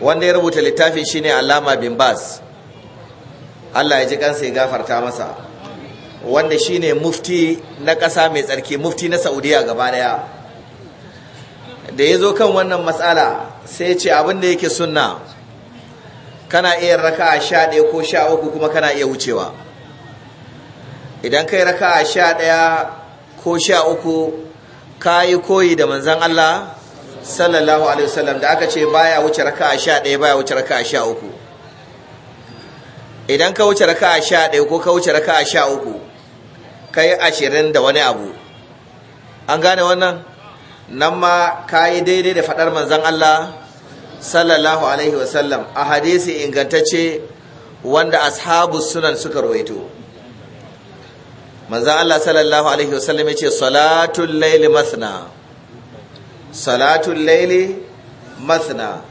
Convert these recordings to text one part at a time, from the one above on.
wanda ya rubuta littafin shine Allama bin Baz Allah ya ji kansa ya gafarta masa wanda shine mufti na ƙasa mai tsarki mufti na Saudiya gaba daya da ya zo kan wannan matsala sai ce abin da yake sunna kana iya raka a sha ɗaya ko sha uku kuma kana iya wucewa idan kai a sha ɗaya ko sha uku ka yi koyi da manzan Allah sallallahu alaihi wasallam da aka ce baya wuce raka'a ɗaya baya wuce raka'a uku. idan ka wuce raka'a ɗaya ko ka wuce raka'a ka yi ashirin da wani abu an gane wannan nan ma ka yi daidai da faɗar manzan Allah sallallahu alaihi wasallam a hadisi ingantacce wanda ashabu sunan suka rawaito manzan Allah sallallahu alaihi wasallam ya ce salatul Lailu masna salatul laili mathna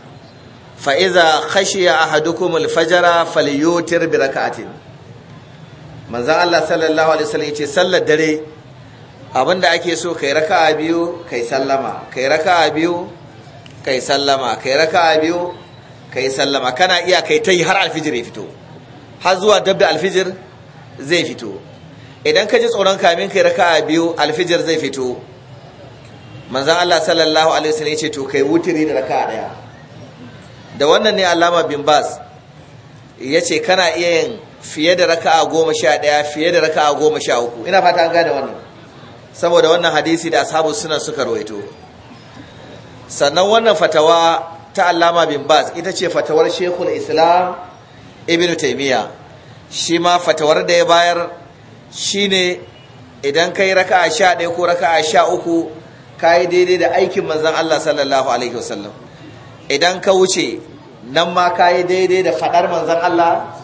fa idza khashiya ahadukum al-fajra falyutir bi rak'atin manzo Allah sallallahu alaihi wasallam ce sallar dare abinda ake so kai raka'a biyu kai sallama kai raka'a biyu kai sallama kai raka'a biyu kai sallama kana iya kai tai har alfijir ya fito har zuwa dabda alfijir zai fito idan ka ji tsoron kamin kai raka'a biyu alfijir zai fito manzan Allah sallallahu alaihi wasallam ce to kai wutiri da raka daya da wannan ne alama bin bas yace kana iya yin fiye da raka'a goma sha daya fiye da a goma sha uku ina fata an gada wannan saboda wannan hadisi da ashabu suna suka rawaito sannan wannan fatawa ta alama bin bas ita ce fatawar shekul islam ibn taimiyya shi ma fatawar da ya bayar shine idan kai raka'a sha ɗaya ko raka'a sha uku kayi daidai da aikin manzan Allah sallallahu alaihi wasallam idan ka wuce nan ma kayi daidai da fadar manzan Allah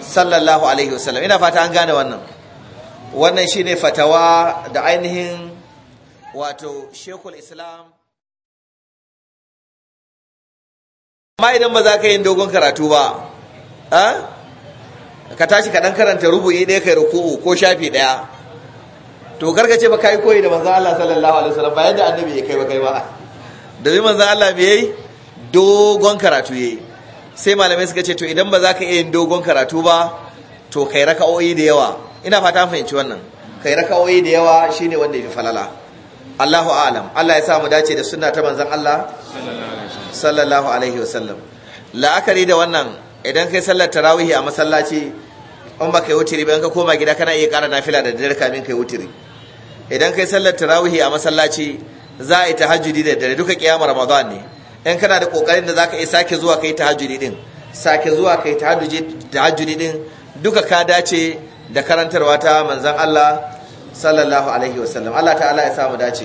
sallallahu alaihi wasallam ina fata an gane wannan wannan shi ne fatawa da ainihin wato shekul Islam ma idan ba za ka yi dogon karatu ba eh, ka tashi ka ɗan karanta rubu'i ɗaya kai ruku'u ko shafi ɗaya to karka ce ba kai koyi da manzo Allah sallallahu alaihi wasallam ba yadda annabi ya kai ba kai ba bi manzo Allah bi yayi dogon karatu yayi sai malamai suka ce to idan ba za ka iya yin dogon karatu ba to kai raka'o'i da yawa ina fata fahimci wannan kai raka'o'i da yawa shine wanda ya fi falala Allahu alam Allah ya sa mu dace da sunna ta manzon Allah sallallahu alaihi wasallam la'akari da wannan idan kai sallar tarawihi a masallaci in ba kai wuturi bayan ka koma gida kana iya ƙara nafila da dare kamin kai wuturi idan kai sallar tarawihi a masallaci za a yi tahajjudi da dare duka kiyamar ramadan ne in kana da kokarin da zaka iya sake zuwa kai tahajjudi din sake zuwa kai tahajjudi din duka ka dace da karantarwa ta manzon Allah sallallahu alaihi wasallam Allah ta'ala ya sa mu dace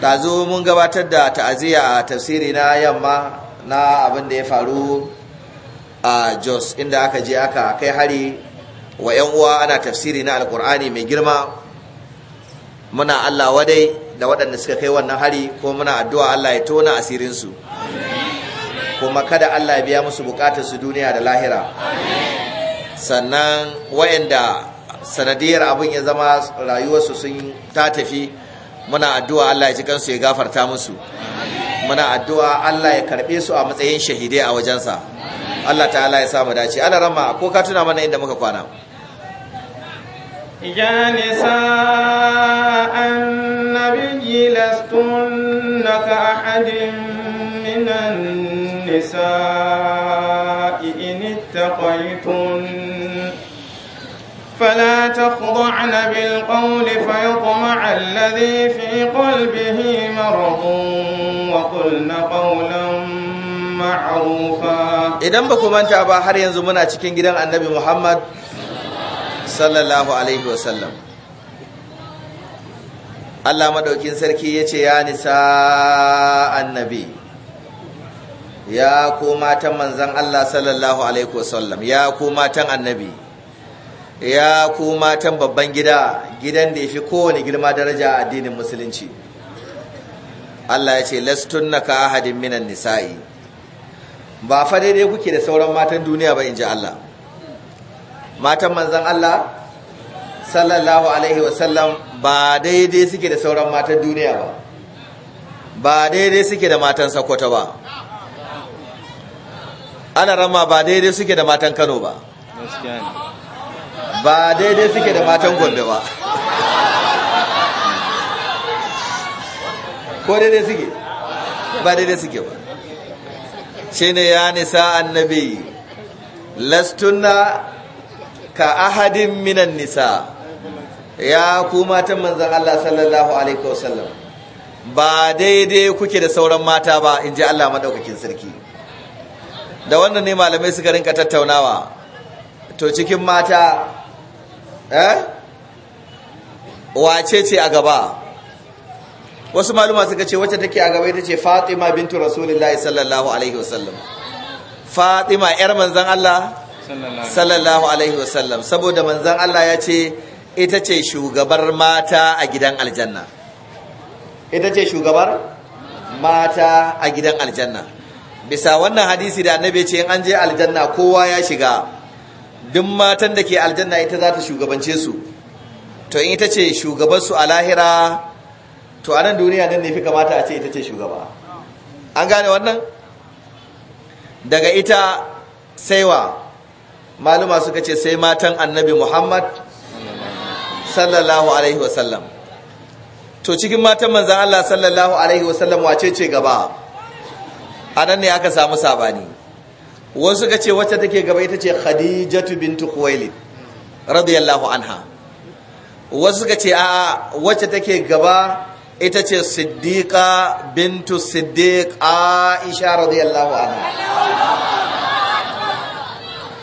dazu mun gabatar da ta'aziyya a tafsiri na yamma na abin da ya faru a Jos inda aka je aka kai hari wa 'yan uwa ana tafsiri na alkur'ani mai girma muna Allah wadai da waɗanda suka kai wannan hari ko muna addu'a Allah ya tona asirinsu kuma kada Allah ya biya musu bukatar su duniya da lahira sannan wayanda sanadiyar abin ya zama rayuwarsu sun ta tafi muna addu'a Allah ya ji ya gafarta musu muna addu'a Allah ya karɓe su a matsayin shahidai a wajensa Allah ta'ala ya samu dace ana rama ko ka tuna mana inda muka kwana يا نساء النبي لستن كأحد من النساء إن اتقيتن فلا تخضعن بالقول فيطمع الذي في قلبه مرض وقلن قولا معروفا إذا بكم أنت أبا حريا زمنا تشكين جدا النبي محمد sallallahu alaihi wasallam Allah madaukin sarki ya ce ya nisa annabi ya ku matan manzan Allah sallallahu alaihi wasallam ya ku matan annabi ya ku matan babban gida gidan da ya fi kowane girma daraja a addinin musulunci Allah ya ce lastunna ka ahadin minan nisa'i ba fa daidai kuke da sauran matan duniya ba in ji Allah matan manzan Allah sallallahu alaihi wasallam ba daidai suke da sauran matan duniya ba ba daidai suke da matan sakwata ba ana rama ba daidai suke da matan kano ba ba daidai suke da matan gombe ba ko daidai suke ba daidai suke ba shi ne ya nisa annabi lastunna ka ahadin minan nisa ya ku matan manzan Allah sallallahu alaihi wasallam ba daidai kuke da sauran mata ba in ji Allah maɗaukakin sarki da wannan ne malamai suka rinka tattaunawa to cikin mata eh wace ce a gaba wasu maluma suka ce wacce take a gaba ita ce fatima bintu rasulullahi sallallahu alaihi wasallam fatima yar manzan Allah sallallahu alaihi wasallam saboda manzan Allah ya ce ita ce shugabar mata a gidan aljanna ita ce shugabar mata a gidan aljanna bisa wannan hadisi da annabi ce an je aljanna kowa ya shiga duk matan da ke aljanna ita za ta shugabance su to in ita ce shugabar su a lahira to a nan duniya nan ne fi kamata a ce ita ce shugaba an gane wannan daga ita saiwa maluma suka ce sai matan annabi muhammad sallallahu alaihi wasallam to cikin matan manzan allah sallallahu alaihi wasallam wace ce gaba a nan ne aka samu sabani wasu suka ce wacce take gaba ita ce khadijatu bintu khuwailid radiyallahu anha wasu suka ce a wacce take gaba ita ce siddiqa bintu siddiq aisha radiyallahu anha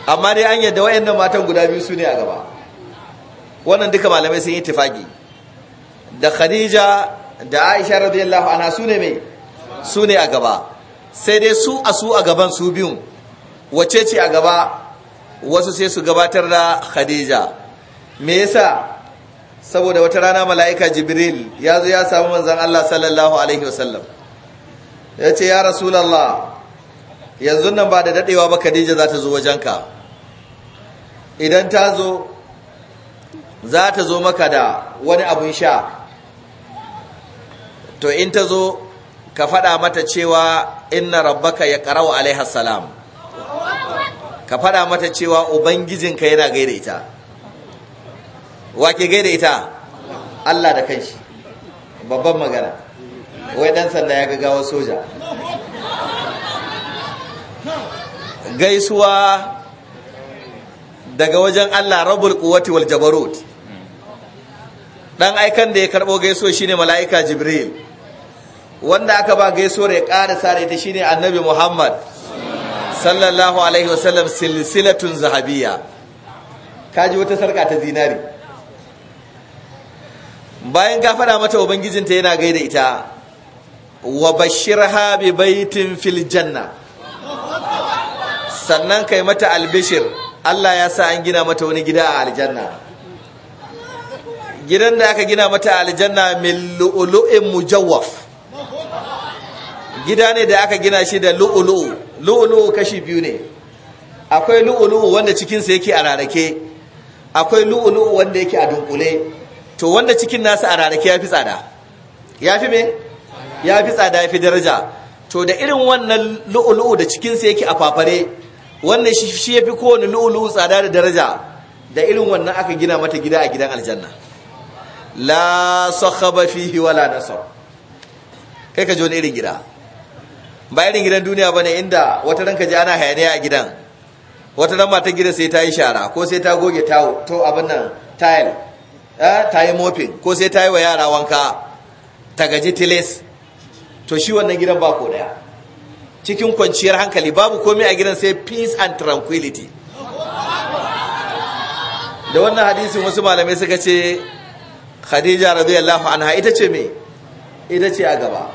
amma dai an yadda wayannan matan guda biyu su ne a gaba wannan duka malamai sun yi tufagi da khadija da aisha radiyallahu anha su ne mai su ne a gaba sai dai su a su a gaban su biyun wace ce a gaba wasu sai su gabatar da khadija me yasa saboda wata rana mala'ika jibril ya zo ya samu manzon Allah sallallahu alaihi wasallam ya ce ya rasulallah yanzu nan ba da dadewa ba khadija za ta zo wajenka idan ta zo za ta zo maka da wani abun sha to in ta zo ka faɗa mata cewa inna rabbaka ya ƙarau alaiha salam ka faɗa mata cewa ubangijinka yana gaida ita wake gaida ita Allah da kanshi babban magana wai ɗan sanda ya gagawa soja gaisuwa daga wajen Allah rabul kuwati wal jabarut dan aikan da ya karbo gaiso shine malaika jibril wanda aka ba gaiso ya ƙara sare ta shine annabi muhammad sallallahu alaihi wasallam silsilatun zahabiyya kaji wata sarka ta zinari bayan ka faɗa mata ubangijinta yana gaida ita wa bashirha bi baitin fil janna sannan kai mata albishir Allah ya sa an gina mata wani gida a aljanna gidan da aka gina mata a aljanna min lu'lu'in mujawwaf gida ne da aka gina shi da lu'lu'u lu'lu'u kashi biyu ne akwai lu'lu'u wanda cikinsa yake a rarake akwai lu'lu'u wanda yake a dunkule to wanda cikin nasa a rarake ya fi tsada ya fi me ya fi tsada ya fi daraja to da irin wannan lu'lu'u da cikinsa yake a fafare wannan shi ya fi kowane lu'ulu tsada da daraja da irin wannan aka gina mata gida a gidan aljanna la sakhaba fihi wala nasar kai ka ji wani irin gida ba irin gidan duniya bane inda wata ranka ji ana hayaniya a gidan wata ran mata gida sai ta yi shara ko sai ta goge tawo to abin nan tile eh, ta yi mopping ko sai ta yi wa yara wanka ta gaji tiles to shi wannan gidan ba ko daya cikin kwanciyar hankali babu komai a gidan sai peace and tranquility da wannan hadisin wasu malamai suka ce khadija radiyallahu anha ita ce me ita ce a gaba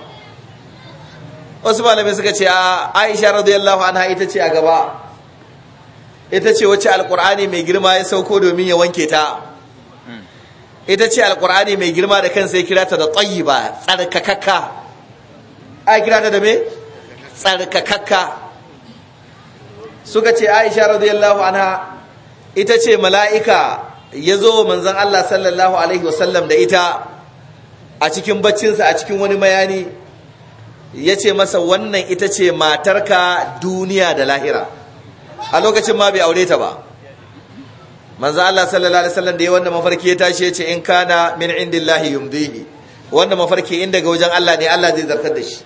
wasu malamai suka ce aisha radiyallahu anha ita ce a gaba ita ce wacce alkur'ani mai girma ya sauko domin ya wanke ta ita ce alkur'ani mai girma da kansa ya kira ta da tsayi ba tsarkakakka a kira ta da me tsarkakakka suka ce aisha radiyallahu anha ita ce mala'ika ya zo manzan Allah sallallahu alaihi wasallam da ita a cikin baccinsa a cikin wani mayani ya ce masa wannan ita ce matarka duniya da lahira a lokacin ma bai aure ta ba manzan Allah sallallahu alaihi wasallam da ya wanda mafarki ya tashi ya ce in kana min indillahi yumdihi wanda mafarki in daga wajen Allah ne Allah zai zartar da shi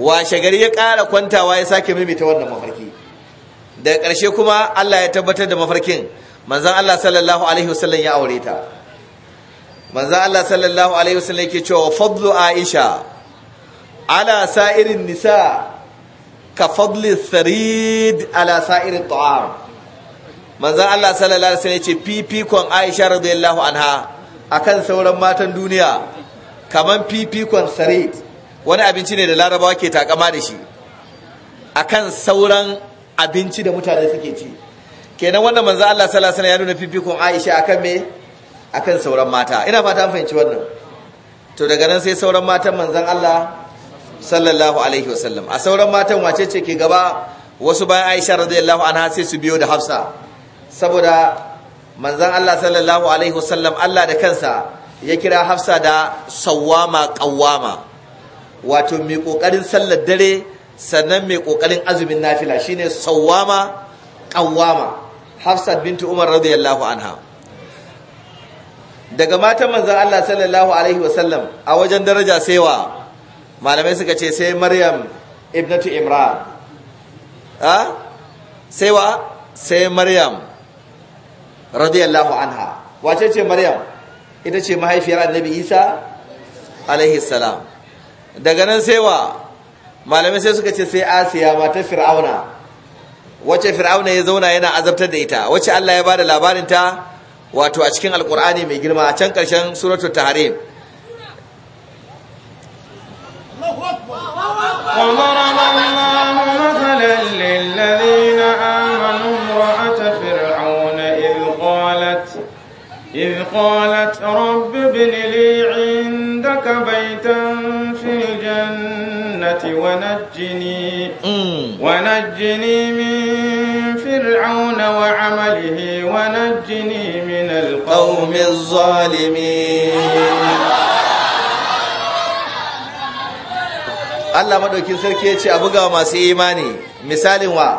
washe gari ya ƙara kwantawa ya sake maimaita wannan mafarki daga ƙarshe kuma Allah ya tabbatar da mafarkin manzan Allah sallallahu alaihi wasallam ya aure ta Manzan Allah sallallahu alaihi wasallam ke cewa fadlu Aisha ala sa'irin nisa ka fadli sarid ala sa'irin ta'am manzan Allah sallallahu alaihi wasallam ce, fifikon Aisha radiyallahu anha akan sauran matan duniya kaman fifikon sarid wani abinci ne da larabawa ke takama da shi akan sauran abinci da mutane suke ci kenan wannan manzo Allah sallallahu alaihi ya nuna fifikon Aisha akan me akan sauran mata ina fata an fahimci wannan to daga nan sai sauran matan manzon Allah sallallahu alaihi wasallam a sauran matan wace ce ke gaba wasu bayan Aisha radiyallahu anha sai su biyo da Hafsa saboda manzon Allah sallallahu alaihi wasallam Allah da kansa ya kira Hafsa da Sawama qawwama wato mai kokarin sallar dare sannan mai kokarin azumin nafila shine sawama qawama Hafsat binti Umar radiyallahu anha daga matan manzon Allah sallallahu alaihi wasallam a wajen daraja saiwa malamai suka ce sai Maryam ibnatu Imran a saiwa sai Maryam radiyallahu anha wace ce Maryam ita ce mahaifiyar Annabi Isa alaihi salam daga nan sai wa malamai sai suka ce sai asiya matar fir'auna wacce fir'auna ya zauna yana azabtar da ita wacce Allah ya bada labarin ta wato a cikin alkur'ani mai girma a can karshen suratul tahrim إذ قالت رب بن لي عندك بيتا في الجنة ونجني ونجني من فرعون وعمله ونجني من القوم الظالمين Allah madaukin sarki ya ce a buga masu imani misalin wa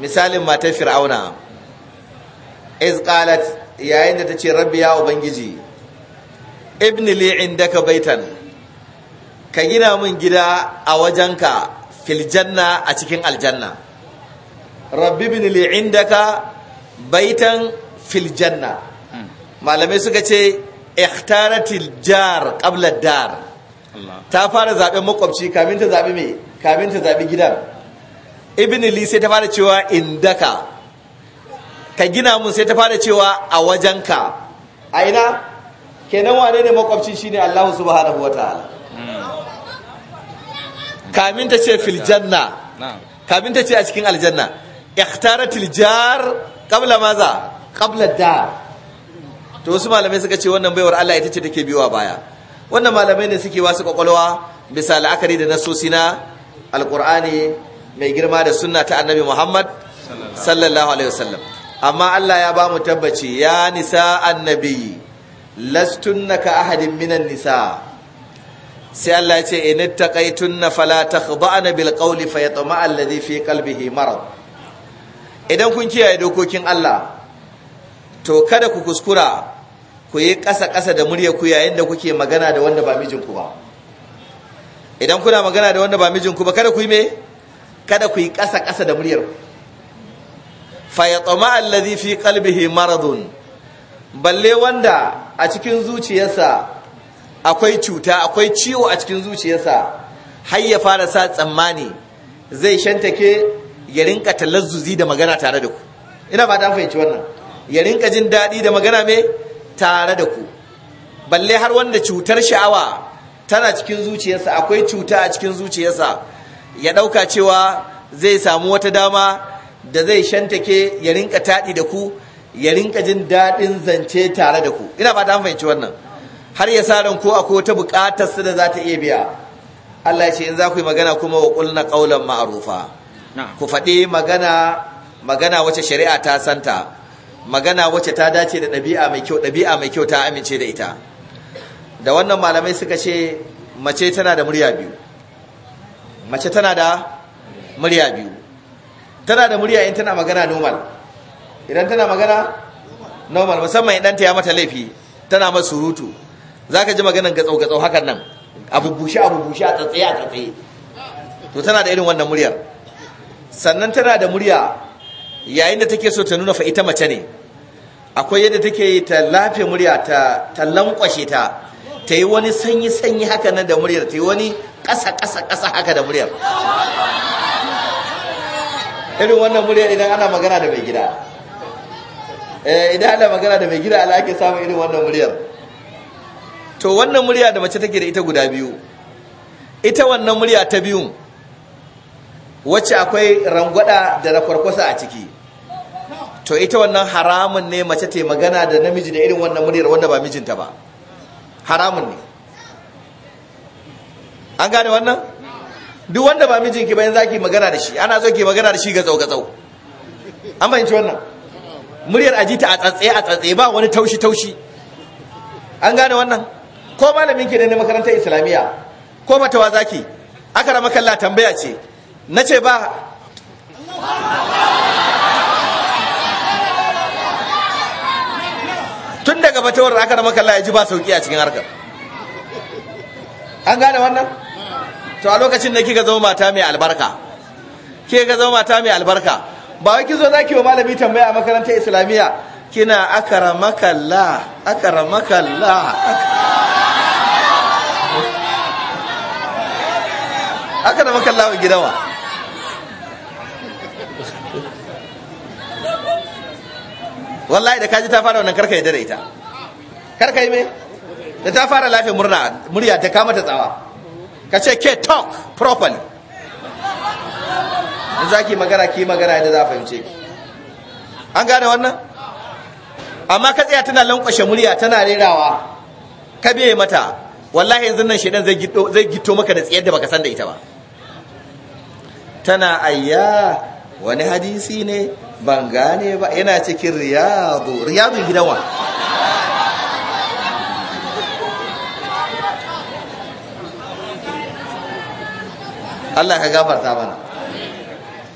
misalin matar fir'auna iz qalat yayin da tace rabbi ya ubangiji Ibn Li'in, indaka baitan ka gina min gida a wajenka fil a cikin aljanna rabbi bin li'indaka baitan fil malamai suka ce ikhtaratil jar qabla dar ta fara zaben makwabci kamin ta zabi me kamin ta zabi gidan ibn li sai ta fara cewa indaka ka gina mun sai ta fara cewa a wajenka a ina kenan wane ne makwabci shine Allah subhanahu wataala hmm. kamin ta ce kamin ta ce a cikin aljanna ikhtaratil jar qabla maza to wasu malamai suka ce wannan baiwar Allah ita ce take biyowa baya wannan malamai ne suke wasu kwakwalwa bisa la'akari da nasosi na alqur'ani mai girma da sunna ta annabi Muhammad sallallahu alaihi wasallam amma Allah ya ba mu tabbaci ya nisa annabi lastunna ka ahadin minan nisa sai Allah ya ce in na fala takhda'na bil qawli fayatma'a alladhi fi qalbihi marad idan kun kiyaye dokokin Allah to kada ku kuskura ku yi ƙasa-ƙasa da murya ku yayin da kuke magana da wanda ba mijinku ba idan kuna magana da wanda ba mijinku ba kada ku yi me kada ku yi ƙasa-ƙasa da muryar ku fa yatma alladhi fi qalbihi maradun balle wanda a cikin zuciyarsa akwai cuta akwai ciwo a cikin zuciyarsa har ya fara sa tsammani zai shantake ya rinka talazzuzi da magana tare da ku ina ba ta fahimci wannan ya rinka jin daɗi da magana mai tare da ku balle har wanda cutar sha'awa tana cikin zuciyarsa akwai cuta a cikin zuciyarsa ya ɗauka cewa zai samu wata dama da zai shantake ya rinka taɗi da ku ya rinka jin daɗin zance tare da ku ina ba ta fahimci wannan har ya sa ko akwai wata buƙatar su da za ta iya biya Allah ya ce in za ku yi magana kuma wa qulna qawlan ma'rufa ku faɗi magana magana wacce shari'a ta santa magana wacce ta dace da ɗabi'a mai kyau ɗabi'a mai kyau ta amince da ita da wannan malamai suka ce mace tana da murya biyu mace tana da murya biyu tana da murya in tana magana normal idan tana magana normal musamman idan ta ya mata laifi tana surutu. za ka ji maganan gatsau-gatsau hakan nan abu bushe abu bushe a tsatsaye a tsatsaye to tana da irin wannan muryar sannan tana da murya yayin da take so ta nuna fa ita mace ne akwai yadda take ta lafe murya ta ta lankwashe ta ta yi wani sanyi sanyi haka nan da muryar ta yi wani ƙasa ƙasa ƙasa haka da muryar irin wannan muryar idan ana magana da mai gida eh, idan ana magana da mai gida ala ake samun irin wannan muryar to wannan murya da mace take da ita guda biyu ita wannan murya ta biyun wacce akwai rangwada da rakwarkwasa a ciki to ita wannan haramun ne mace ta magana da namiji da irin wannan muryar wanda ba mijinta ba haramun ne an gane wannan duk wanda ba mijinki ba yanzu ake magana da shi ana so ke magana da shi ga tsau-gatsau an fahimci wannan muryar ajita a tsatsaye a tsatsaye ba wani taushi-taushi an gane wannan ko malamin ke ne na makarantar islamiyya ko matawa zaki aka rama kalla tambaya ce na ce ba tun daga batawar aka rama kalla ya ji ba sauki a cikin harkar an gane wannan to a lokacin da kika zama mata mai albarka ke ga zama mata mai albarka ba wai kizo zaki wa malami tambaya a makarantar islamiyya kina akara makalla, akara makalla. aka da wa? gidawa wallahi da kaji ta fara wannan karka yadda da ita karka yi me da ta fara lafiya murna murya ta kama ta tsawa ka ce ke talk properly in za ki magana ki magana yadda za a fahimce ki an gane wannan amma ka tsaya tana lankwashe murya tana rerawa ka biye mata wallahi yanzu nan shedan zai gito zai gito maka da tsiyar da baka san da ita ba tana ayya wani hadisi ne ban gane ba yana cikin riyadu riyadu gidan wa Allah ka gafarta mana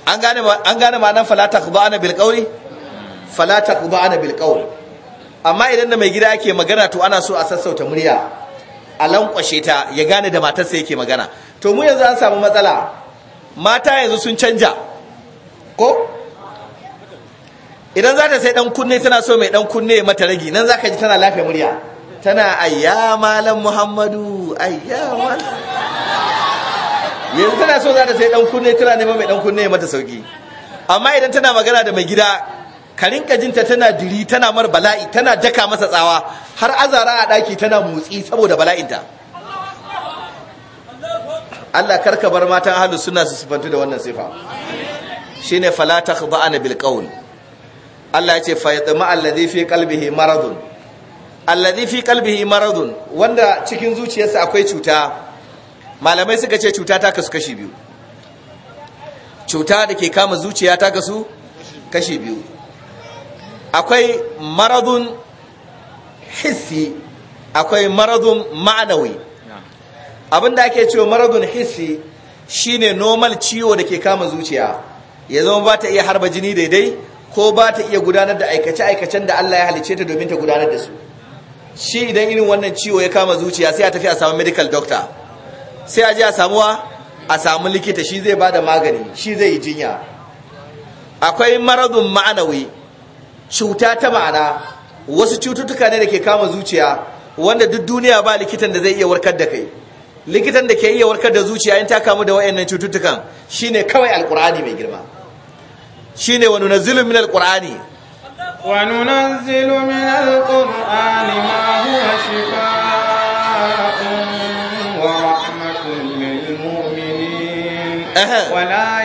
an gane an gane ma nan fala ana bil qawli fala ana bil qawli amma idan da mai gida yake magana to ana so a sassauta murya a lankwashe ta ya gane da matarsa yake magana to mu yanzu an samu matsala mata yanzu sun canja ko idan za ta sai dan kunne tana so mai dan kunne mata ragi nan za ka ji tana lafiya murya tana ayya malam muhammadu ayya malam yanzu tana so za ta sai dan kunne tana neman mai dan kunne mata sauki amma idan tana magana da mai gida ka rinka jinta tana diri tana mar bala'i tana daka masa tsawa har azara a daki tana motsi saboda bala'inta Allah karka bar matan ahlus sunna su sifantu da wannan sifa shine fala takhda'ana bil qawl Allah yace fa yadma alladhi fi qalbihi maradun alladhi fi qalbihi maradun wanda cikin zuciyarsa akwai cuta malamai suka ce cuta ta kasu kashi biyu cuta da ke kama zuciya ta kasu kashi biyu akwai maradun hissi akwai maradun ma'anawi abinda ake cewa maradun hissi shine normal ciwo da ke kama zuciya ya zama ba ta iya harba jini daidai ko ba ta iya gudanar da aikace-aikacen da Allah ya halice ta domin ta gudanar da su shi idan irin wannan ciwo ya kama zuciya sai a tafi a samu medical doctor sai a je a samuwa a samu likita shi zai ba da magani shi zai yi jinya akwai maradun ma'anawi cuta ta ma'ana wasu cututtuka ne da ke kama zuciya wanda duk duniya ba likitan da zai iya warkar da kai likitan da ke iya warkar da zuciya in ta kamu da wayannan cututtukan shine kawai alqur'ani mai girma shine wa nunazzilu min alqur'ani wa nunazzilu min alqur'ani ma huwa shifaa'un wa rahmatun lil mu'minin wa la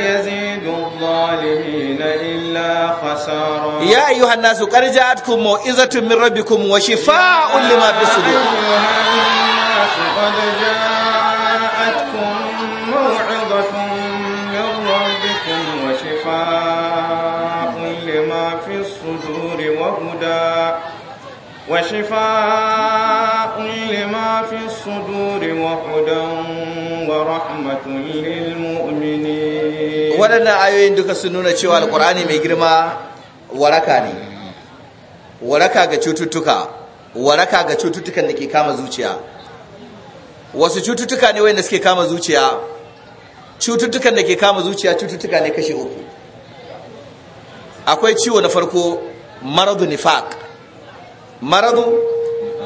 الظالمين إلا خسارا يا أيها الناس قد جاءتكم موئزة من ربكم وشفاء لما في الصدور يا أيها الناس قد جاءتكم موعظة من ربكم وشفاء لما في الصدور وهدى وشفاء لما في الصدور وهدى ورحمة لله waɗannan ayoyin duka sun nuna cewa alkur'ani mai girma waraka ne waraka ga cututtuka waraka ga cututtukan da ke kama zuciya wasu cututtuka ne wanda suke kama zuciya cututtukan da ke kama zuciya cututtuka ne kashe uku akwai ciwo na farko maradu nifak maradu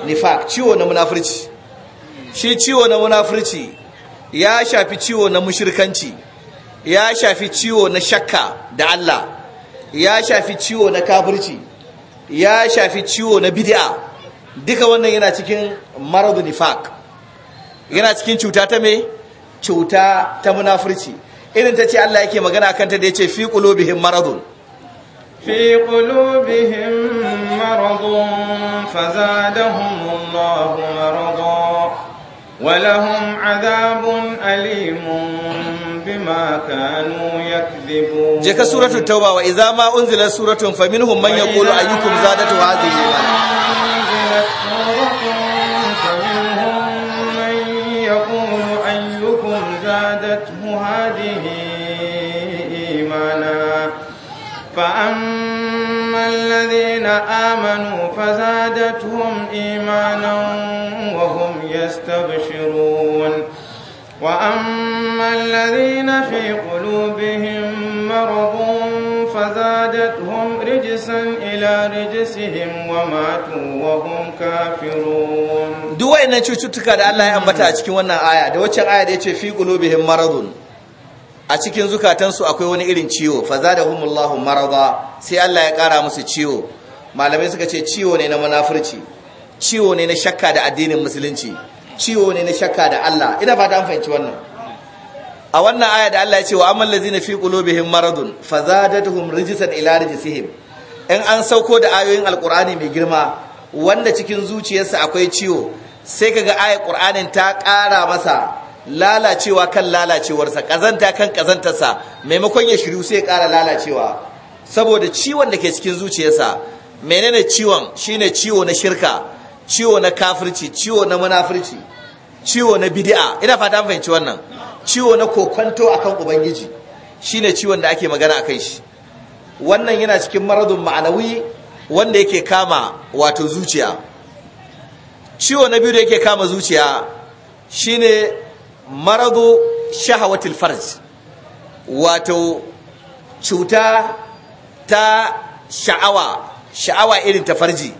nifak ciwo na munafurci shi ciwo na munafurci ya shafi ciwo na mushirkanci ya shafi ciwo na shakka da Allah ya shafi ciwo na kafirci ya shafi ciwo na bidi'a duka wannan yana cikin maradu nifaq yana cikin cuta ta me cuta ta munafurci irin ta ce Allah yake magana kanta da yace fi qulubihim maradun في قلوبهم مرض فزادهم maradun, wa lahum عذاب alimun je ka suratu tauba wa unzila suratun fa minhum man yaqulu ayyukum zadatu hadhihi فأما الذين آمنوا فزادتهم إيمانا وهم يستبشرون وأما الذين في قلوبهم مرض فزادتهم رجسا إلى رجسهم وماتوا وهم كافرون duk wayannan cututtuka da Allah ya ambata a cikin wannan aya da waccan aya da yace fi qulubihim maradun a cikin zukatansu akwai wani irin ciwo fazadahumullahu marada sai Allah ya kara musu ciwo malamai suka ce ciwo ne na munafurci ciwo ne na shakka da addinin musulunci ciwo ne na shakka da Allah ina ba ta fahimci wannan a wannan aya da Allah ya ce wa amal ladzina fi qulubihim maradun fazadatuhum rijsan ila rijsihim in an sauko da ayoyin alqur'ani mai girma wanda cikin zuciyarsa akwai ciwo sai kaga ayar qur'anin ta ƙara masa lalacewa kan lalacewarsa kazanta kan kazantarsa maimakon ya shiru sai ya ƙara lalacewa saboda ciwon da ke cikin zuciyarsa menene ciwon shine ciwo na shirka ciwo na kafirci ciwo na munafirci ciwo na bidi'a, ina fata an fahimci wannan ciwo na kokonto akan ubangiji shine ciwon da ake magana akan shi wannan yana cikin maradun ma'anawi wanda yake kama wato zuciya ciwo na biyu da yake kama zuciya shine maradu shahawatul farj wato cuta ta sha'awa sha'awa irin ta farji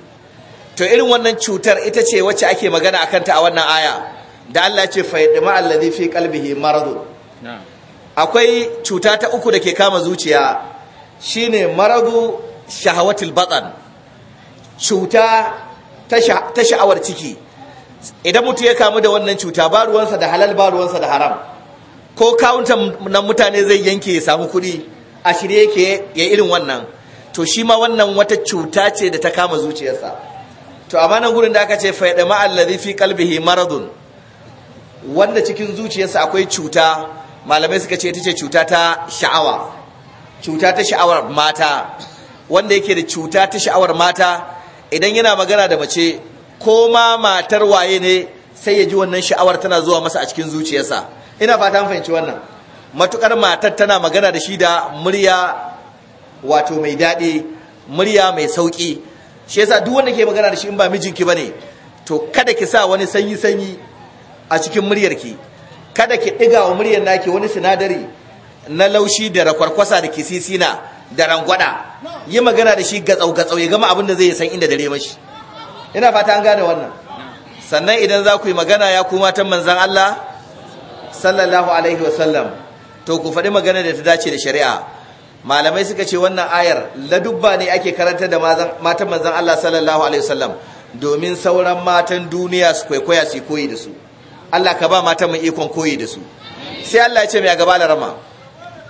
to irin wannan cutar ita ce wacce ake magana akan ta a wannan aya da Allah ce fayyadama allazi fi qalbihi maradun akwai cuta ta uku da ke kama zuciya shine maradu shahawatul batan cuta ta sha'awar ciki idan mutum ya kamu da wannan cuta ba ruwansa da halal ba ruwansa da haram ko kawuntan na mutane zai yanke ya samu kuɗi a shirye yake ya irin wannan to shi ma wannan wata cuta ce da ta kama zuciyarsa to amma nan gurin da aka ce fayyadama allazi fi qalbihi maradun wanda cikin zuciyarsa akwai cuta malamai suka ce ita ce cuta ta sha'awa cuta ta sha'awar mata wanda yake da cuta ta sha'awar mata idan yana magana da mace ko ma matar waye ne sai ya ji wannan sha'awar tana zuwa masa a cikin zuciyarsa ina fata fahimci wannan matukar matar tana magana da shi da murya wato mai daɗi murya mai sauƙi shi yasa duk wanda ke magana da shi in ba mijinki bane to kada ki sa wani sanyi sanyi a cikin muryarki kada ki ɗiga wa muryar naki wani sinadari na laushi da rakwarkwasa da kisisina da rangwada yi magana da shi gatsau-gatsau ya gama abin da zai san inda dare mashi ina fata an gane wannan sannan idan za ku yi magana ya kuma ta manzan Allah sallallahu alaihi wasallam to ku faɗi magana da ta dace da shari'a malamai suka ce wannan ayar ladubba ne ake karanta da matan manzan Allah sallallahu alaihi wasallam domin sauran matan duniya su kwaikwaya su koyi da su Allah ka ba mata mu ikon koyi da su sai Allah ya ce mai gaba larama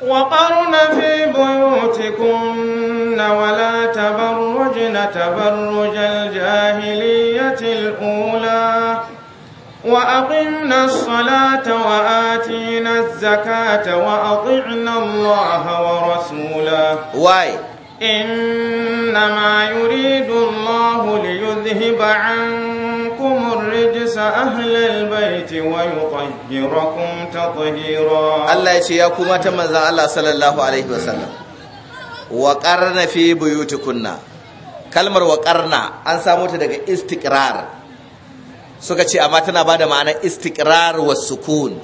wa qarna fi buyutikunna wa la tabarrujna tabarrujal jahiliyatil ula wa aqimna as-salata wa atina az-zakata wa ati'na Allah wa rasulahu إنما يريد الله ليذهب عنكم الرجس أهل البيت ويطهركم تطهيرا الله يشي يا كما تمزى الله صلى الله عليه وسلم وقرن في بيوتكن kalmar waƙarna an samo ta daga istikrar suka ce amma tana ba da ma'anar istikrar wa sukun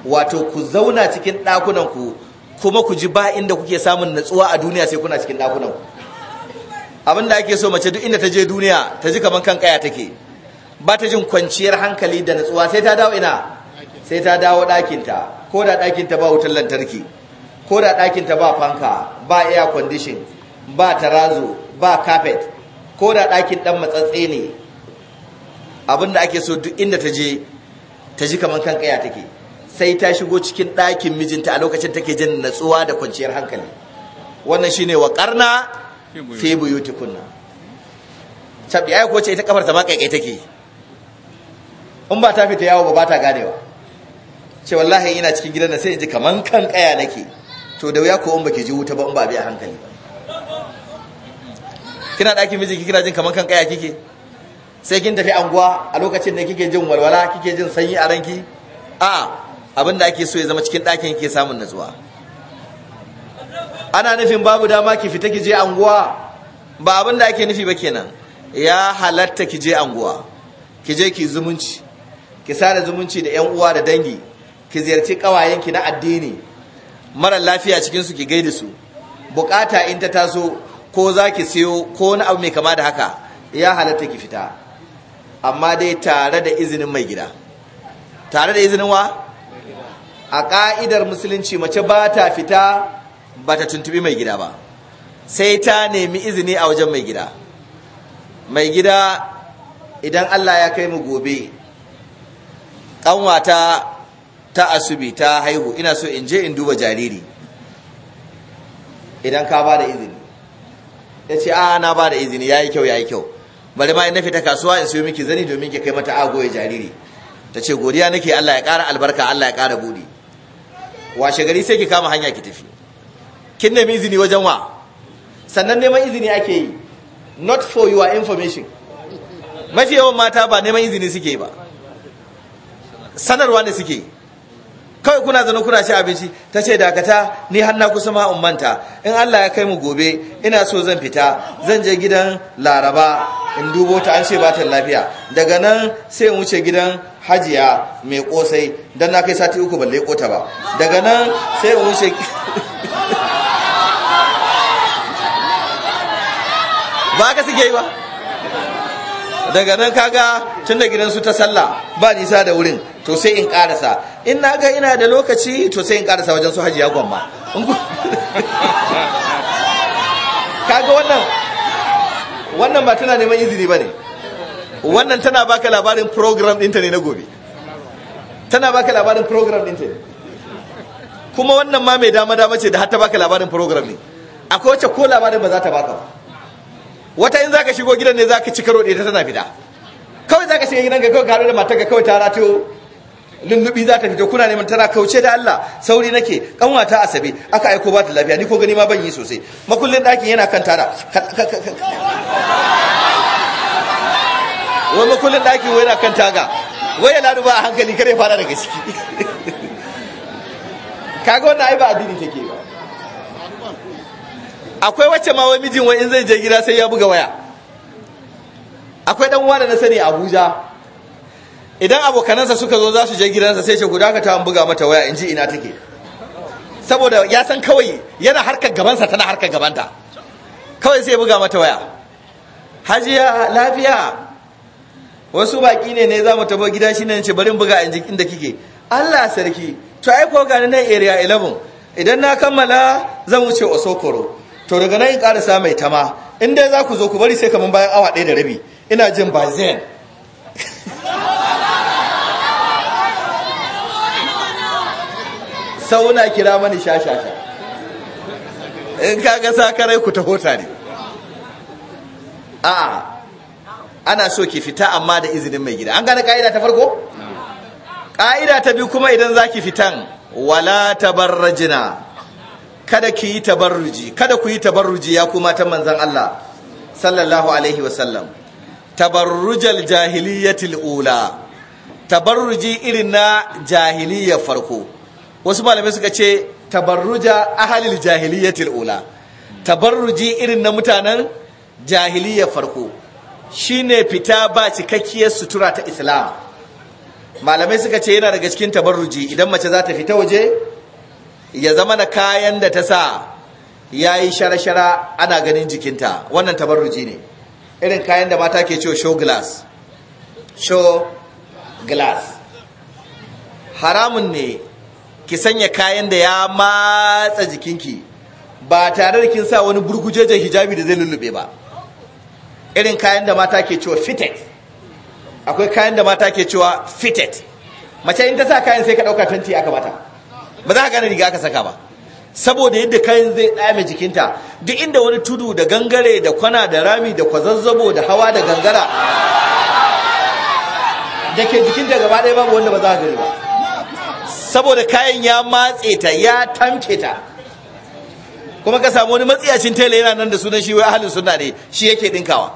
wato ku zauna cikin ɗakunanku kuma ku ji ba inda kuke samun natsuwa a duniya sai kuna cikin ɗakunan abin da ake so mace duk inda ta je duniya ta ji kamar kan kaya take ba ta jin kwanciyar hankali da natsuwa sai ta dawo ina sai ta dawo ɗakinta ko da ɗakinta ba wutar lantarki ko da ɗakinta ba fanka ba air condition ba tarazo ba carpet ko da ɗakin ɗan matsatse ne abin da ake so duk inda ta je ta ji kamar kan kaya take sai ta shigo cikin ɗakin mijinta a lokacin take jin natsuwa da kwanciyar hankali wannan shine wa karna fi buyutikunna na. ai ko ce ita kafar ta ma take in ba ta fita yawo ba ba ta ganewa ce wallahi ina cikin gidan na sai in ji kaman kan kaya nake to da wuya ko in baki ji wuta ba in ba biya a hankali ba kina ɗakin miji kina jin kaman kan kaya kike sai kin tafi anguwa a lokacin da kike jin walwala kike jin sanyi a ranki a abin da ake so ya zama cikin ɗakin ke samun nutsuwa. ana nufin babu dama ki fita ki je anguwa ba abin da ake nufi ba kenan ya halatta ki je anguwa ki je ki zumunci ki sada zumunci da yan uwa da dangi ki ziyarci ƙawayenki na addini mara lafiya cikin su ki gaida su bukata in ta taso ko za ki siyo ko wani abu mai kama da haka ya halatta ki fita amma dai tare da izinin mai gida tare da izinin wa a ƙa'idar musulunci mace ba ta fita ba ta tuntubi mai gida ba sai ta nemi izini a wajen mai gida mai gida idan allah ya kai mu gobe ƙanwata ta asubi ta haihu ina so in je in duba jariri idan ka ba da izini ya ce a na ba da izini ya yi kyau ya yi kyau bari ma in na fita kasuwa in siyo miki zani domin ki kai mata agoye jariri ta ce godiya nake Allah ya ƙara albarka Allah ya ƙara buɗi washe gari sai ki kama hanya ki tafi kin nemi izini wajen wa sannan neman izini ake yi not for your information mafi yawan mata ba neman izini suke ba sanarwa ne suke yi kawai kuna zano kuna ci abinci ta ce dakata ni na kusa ma manta. in Allah ya kai mu gobe ina so zan fita zan je gidan laraba in dubo ta an ce ba lafiya daga nan sai in wuce gidan hajiya mai kosai don na kai sati uku balle kota ba daga nan sai in wuce ba ka suke yi ba daga nan kaga tun da gidansu ta sallah ba nisa da wurin to sai in karasa in na ga ina da lokaci to sai in karasa wajen su hajiya gwamma kaga wannan wannan ba tana neman izini ba ne wannan tana baka labarin program ɗinta ne na gobe tana baka labarin program ɗinta ne kuma wannan ma mai dama dama ce da har ta baka labarin program ne akwai wacce ko labarin ba za ta baka ba wata in zaka shigo gidan ne zaka ci karo da ta tana fita kawai zaka shiga gidan ga kawai ka da matar ga kawai ta ratiyo lullubi za ta fito kuna neman tana kauce da Allah sauri nake kanwata asabe aka aiko ba ta lafiya ni ko gani ma ban yi sosai makullin ɗakin yana kan tara wai makullin ɗakin wai yana kan taga wai yana duba a hankali kare fara daga ciki kaga wannan ai ba addini take akwai wacce ma mijin wai in zai je gida sai ya buga waya akwai dan uwa da na sani Abuja idan abokanansa suka zo za su je gidansa sai ce guda ka ta buga mata waya in ji ina take saboda ya san kawai yana harkar gabansa tana harkar gabanta kawai sai buga mata waya hajiya lafiya wasu baki ne ne za mu tafi gida shi ne ce bari buga in inda kike Allah sarki to ai ko ga nan area 11 idan na kammala zan wuce Osokoro to daga nan in karasa mai tama in dai za ku zo ku bari sai kamar bayan awa ɗaya da rabi ina jin ba zen sauna kira mani shashasha in kaga sakarai ku taho ne. a'a ana so ki fita amma da izinin mai gida an gane ka'ida ta farko ka'ida ta biyu kuma idan za ki fitan wala tabarrajina kada ki yi tabarruji kada ku yi tabarruji ya ku ta manzan Allah sallallahu alaihi wa sallam. tabarrujal jahiliyatil ula tabarruji irin na jahiliyar farko wasu malamai suka ce tabarruja ahalil jahiliyatil ula tabarruji irin na mutanen jahiliyar farko shine fita ba cikakkiyar sutura ta islam malamai suka ce yana daga cikin tabarruji idan mace za ta fita waje ya zama na kayan da ta sa ya yi shara-shara ana ganin jikinta wannan tabarruji ne irin kayan da mata ke cewa show glass show glass haramun ne ki sanya kayan da ya matsa jikinki ba tare da kin sa wani burgujejen hijabi da zai lullube ba irin kayan da mata ke cewa fitted akwai kayan da mata ke cewa fitted mace in ta sa kayan sai ka ɗauka tanti aka mata ba za ka gane riga aka saka ba saboda yadda kayan zai ɗame jikinta duk inda wani tudu da gangare da kwana da rami da kwazazzabo da hawa da gangara da ke jikinta gaba ɗaya babu wanda ba za ka gani ba saboda kayan ya matse ta ya tamke ta kuma ka samu wani matsiyacin tela yana nan da sunan shi wai ahalin sunna ne shi yake dinkawa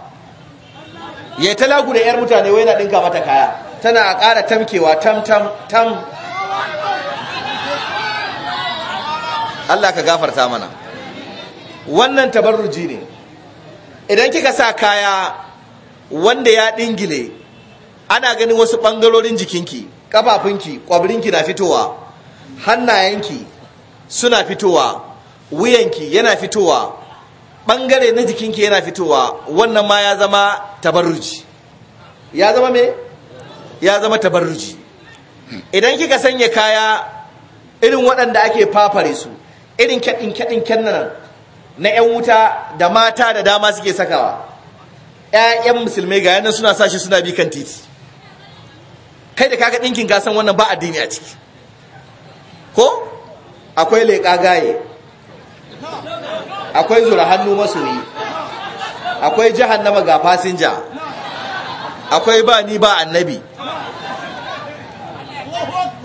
ya ta lagu da yar mutane wai yana dinka mata kaya tana ƙara tamkewa tam tam tam Allah ka gafarta mana wannan tabarruji ne idan kika sa kaya wanda ya dingile ana ganin wasu bangarorin jikinki kafafunki kwabrinki na fitowa hannayenki suna fitowa wuyanki yana fitowa bangare na jikinki yana fitowa wannan ma ya zama tabarruji ya zama me ya zama tabarruji idan kika sanya kaya irin waɗanda ake fafare su irin kyaɗin-kyaɗin nan na 'yan wuta da mata da dama suke sakawa 'ya'yan musulmai ga yanar suna sashi suna bi kan titi kai da kaka ɗinkin gasan wannan ba addini a ciki ko akwai leƙa gaye akwai zura hannu masoyi akwai na ga fasinja akwai ba ni ba annabi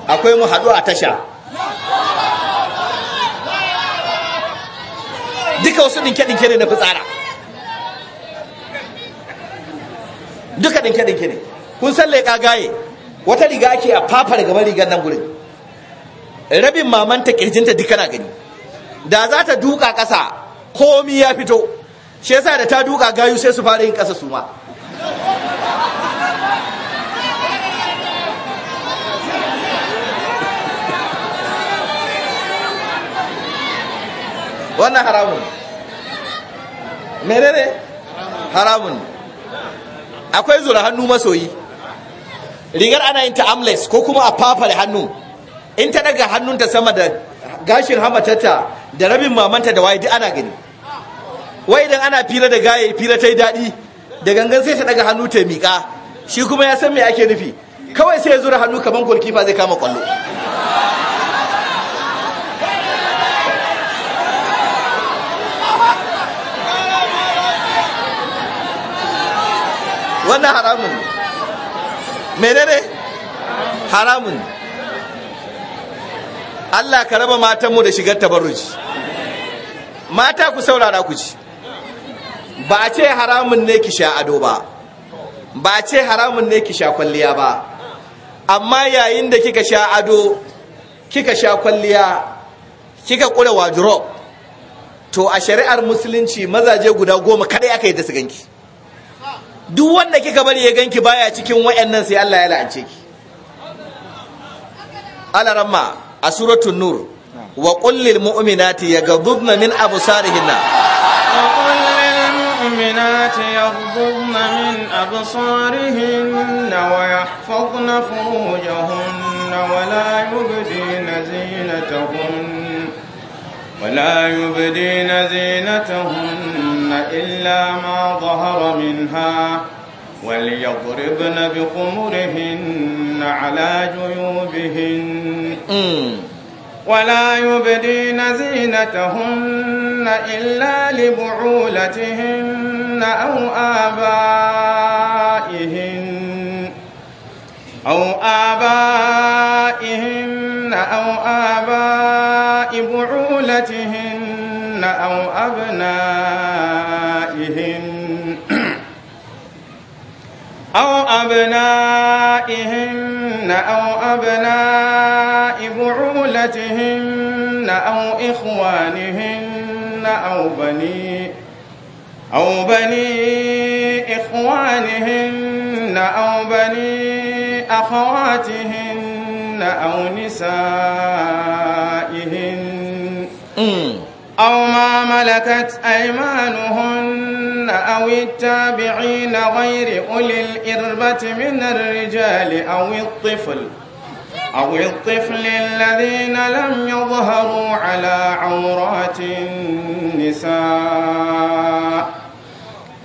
akwai mu haɗu a tasha duka wasu dinke-dinke ne na fitsara duka dinke-dinke ne kun san leƙa gaye wata riga ake a fafar gaban rigar nan gurin rabin mamanta kirjinta duka na gani da za ta duka ƙasa komi ya fito shi yasa da ta duka gayu sai su fara yin ƙasa su ma wannan haramun menene haramun akwai zura hannu masoyi rigar ana yin ta amles ko kuma a fafare hannu in ta daga hannunta sama da gashin hamatata da rabin mamanta da waye ana gani wai idan ana fira da gaye fira ta yi daɗi da gangan sai ta daga hannu ta miƙa shi kuma ya san me ake nufi kawai sai ya zura hannu kaman golkifa zai kama kwallo wannan haramun menene haramun Allah ka raba matanmu da shigar tabarruci mata ku saurara ku ci ba a ce haramun ne ki sha ado ba ba a ce haramun ne ki sha kwalliya ba amma yayin da kika sha ado kika sha kwalliya kika kura wardrobe to a shari'ar musulunci mazaje guda goma kadai aka yi da su ganki duk wanda kika bari ya ganki baya cikin wayannan sai Allah ya la'ance ki alaramma a suratul nur wa qul lil mu'minati yaghdhudna min absarihinna wa qul lil mu'minati yaghdhudna min absarihinna wa yahfazna furujahunna wa la yubdina zinatahunna la yubdina zinatahunna إلا ما ظهر منها وليضربن بخمرهن على جيوبهن ولا يبدين زينتهن إلا لبعولتهن أو آبائهن أو آبائهن أو آباء بعولتهن أبنائهن أو أبنائهن أو أبنائهن أو أبناء بعولتهن أو إخوانهن أو بني أو بني إخوانهن أو بني أخواتهن أو نسائهن أو ما ملكت أيمانهن أو التابعين غير أولي الإربة من الرجال أو الطفل أو الطفل الذين لم يظهروا على عورات النساء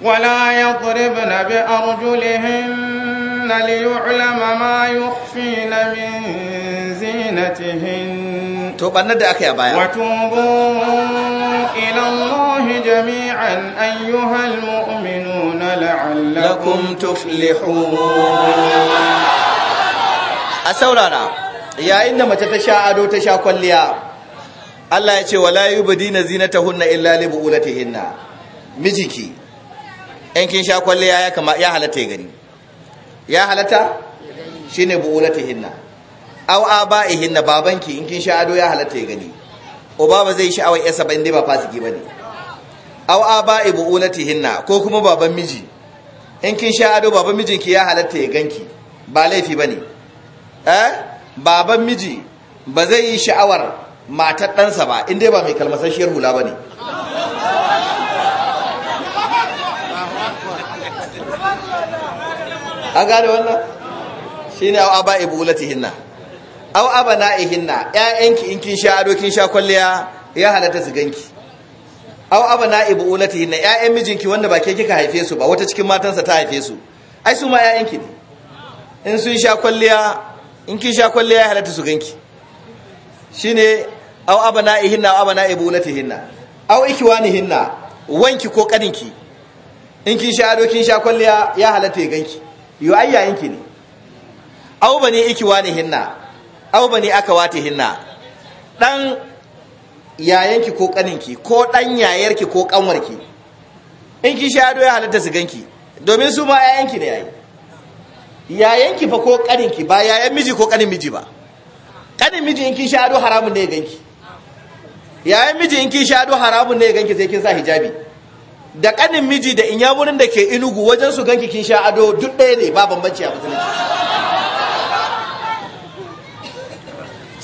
ولا يضربن بأرجلهن ليعلم ما يخفين من زينتهن to bannar da aka yi a baya watubu ila Allah jami'an ayyuhal mu'minuna la'allakum tuflihun a saurara yayin da mace ta sha ado ta sha kwalliya Allah ya ce wala yubdina zinatahunna illa li bu'ulatihinna mijiki in kin sha kwalliya ya kama ya halatta ya gani ya halatta shine bu'ulatihinna aw aba'ihin na babanki in kin sha'ado ya halatta ya gani uba ba zai sha'awar yasa ba inda ba fasiki bane aw aba'i bu'ulatihinna ko kuma baban miji in kin sha'ado baban mijinki ya halatta ya ganki ba laifi bane eh baban miji ba zai yi sha'awar matar ɗansa ba in dai ba mai kalmasasshiyar hula bane an gane wannan shine aw aba'i bu'ulatihinna aw 'ya'yan ƴaƴanki in kin sha ado kin sha kwalliya ya halatta su ganki aw ulati hinna ƴaƴan mijinki wanda ba ke kika haife su ba wata cikin matansa ta haife su ai su ma ƴaƴanki ne in sun sha kwalliya in kin sha kwalliya ya halatta su ganki shine aw abana'ihinna aw abana'i bu'ulatihinna aw hinna wanki ko ki. in kin sha ado kin sha kwalliya ya halatta ya ganki yo ayyayenki ne aw bani hinna. au bani hinna dan yayanki ko kaninki ko dan yayarki ko kanwarki in ki sha ado ya halatta su ganki domin su ma yayanki ne yayi yayanki fa ko kaninki ba yayan miji ko kanin miji ba kanin miji in kin sha ado haramun ne ganki yayan miji in kin sha ado haramun ne ganki sai kin sa hijabi da kanin miji da inyamurin da ke inugu wajen su ganki kin sha ado duk ɗaya ne ba bambanci a musulunci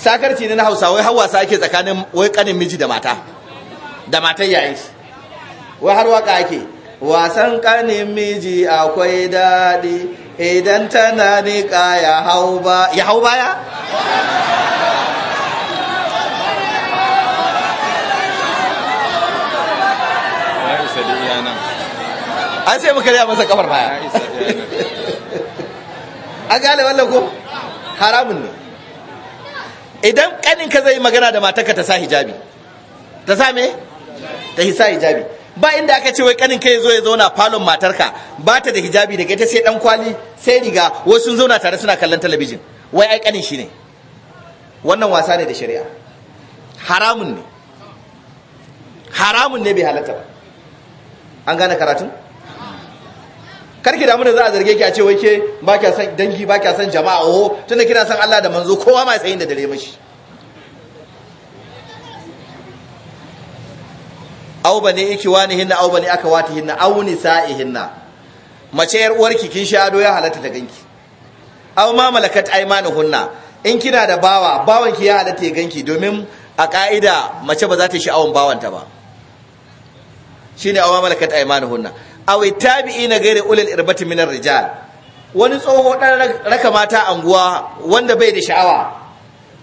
sakarci ne na hausa wai har wasa ake tsakanin wai kanin miji da mata da matan yayin shi wai har waka ake wasan kanin miji akwai daɗi idan tana niƙa ya hau ba ya hau baya an sai muka riya masa kafar baya an gane wannan ko haramun ne idan kaninka zai magana da matarka ta sa hijabi ta sa me ta hisa hijabi ba inda aka ce wai kaninka ya zo ya zauna falon matarka ba ta da hijabi daga ita sai dan kwali sai riga wasu sun zauna tare suna kallon talabijin wai ai kanin shi ne wannan wasa ne da shari'a haramun ne haramun ne bai halatta ba an gane karatun karki damu da za a zarge ki a ce wai ke ba kya san dangi ba kya san jama'a oho tunda kina san Allah da manzo kowa ma tsayin da dare mashi aw bani hinna aw bani hinna aw hinna mace yar uwarki kin sha ado ya halatta da ganki aw ma malakat aymanuhunna in kina da bawa bawanki ya halatta ya ganki domin a ka'ida mace ba za ta sha'awan bawanta ba shine aw ma malakat aymanuhunna Awai tabi'i na ghairi ulil irbati minar rijal wani tsoho dan raka mata anguwa wanda bai da sha'awa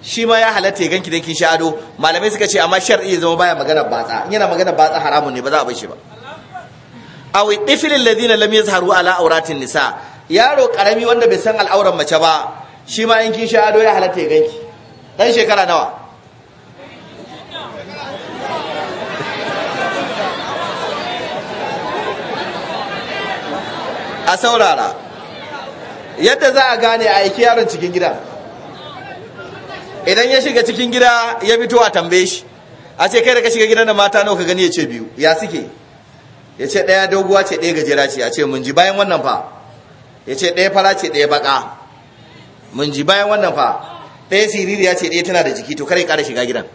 shi ma ya halatta ya ganki dan kin sha'ado malamai suka ce amma shar'i zama baya magana batsa yana magana batsa haramun ne ba za a bar shi ba aw tifil alladhina lam yazharu ala auratin nisa yaro karami wanda bai san al'auran mace ba shi ma in kin sha'ado ya halatta ya ganki dan shekara nawa a saurara yadda za a gane a aiki yaron cikin gida idan ya shiga cikin gida ya fito a tambaye shi a ce kai da ka shiga gidan da mata nawa ka gani ya ce biyu ya suke ya ce ɗaya doguwa ce ɗaya gajera ce a ce mun ji bayan wannan fa ya ce ɗaya fara ce ɗaya baka mun ji bayan wannan fa ɗaya siriri ya ce ɗaya tana da jiki to kare ƙara shiga gidan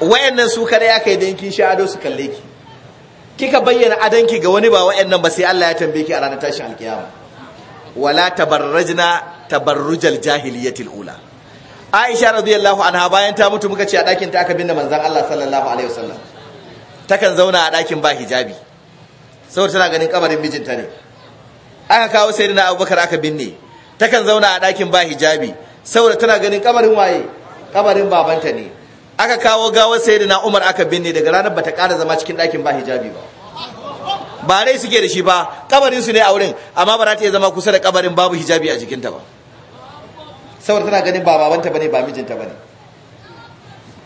wayannan su kare aka yi don kin sha ado su kalle ki kika bayyana adanki ga wani ba wa'annan ba sai Allah ya tambaye ki a ranar tashin alkiyama wala tabarrajna tabarrujal jahiliyatil ula Aisha radiyallahu anha bayan ta mutu muka ce a ɗakin ta aka binne manzon Allah sallallahu alaihi wasallam takan zauna a ɗakin ba hijabi saboda tana ganin kabarin mijinta ne aka kawo sayyidina Abubakar aka binne takan zauna a ɗakin ba hijabi saboda tana ganin kabarin waye kabarin babanta ne aka kawo gawar na Umar aka binne daga ranar bata ƙara zama cikin ɗakin ba hijabi ba ba rai suke da shi ba kabarinsu ne a wurin amma ba za ta iya zama kusa da kabarin babu hijabi a jikinta ba saboda tana ganin ba babanta ba ne, ba mijinta ba ne,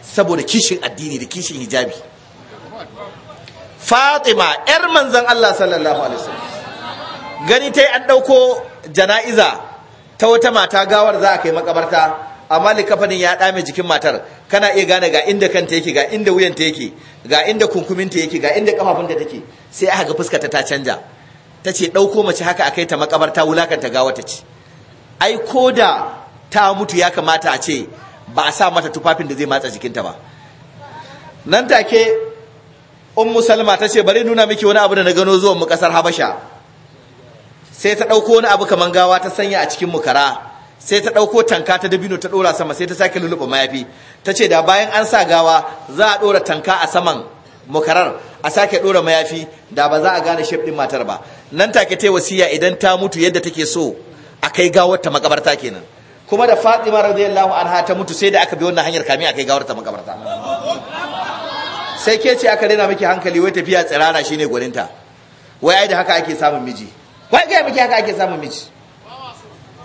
saboda kishin addini da kishin hijabi Fatima yar manzan Allah sallallahu alaihi wasallam gani yi an ɗauko jana'iza ta wata mata gawar za a kai makabarta amma likafanin ya dame jikin matar kana iya gane ga inda kanta yake ga inda wuyanta yake ga inda kunkuminta yake ga inda kafafunta take sai aka ga fuskarta ta canja ta ce ɗauko mace haka a kai ta makabarta wulakanta gawa ta ce ai ko da ta mutu ya kamata a ce ba a sa mata tufafin da zai matsa jikinta ba nan take ummu musalma ta ce bari nuna miki wani abu da na gano zuwan mu kasar habasha sai ta ɗauko wani abu kamar gawa ta sanya a cikin mukara sai ta ɗauko tanka ta dabino ta ɗora sama sai ta sake lulluɓa mayafi ta ce da bayan an sa gawa za a ɗora tanka a saman mukarar a sake ɗora mayafi da ba za a gane shef ɗin matar ba nan take ta wasiya idan ta mutu yadda take so a kai gawar ta makabarta kenan kuma da fatima radiyallahu anha ta mutu sai da aka bi wannan hanyar kami a kai gawar ta makabarta sai ke ce aka rena miki hankali wai tafiya tsirara shine gwaninta wai ai da haka ake samun miji wai ga miki haka ake samun miji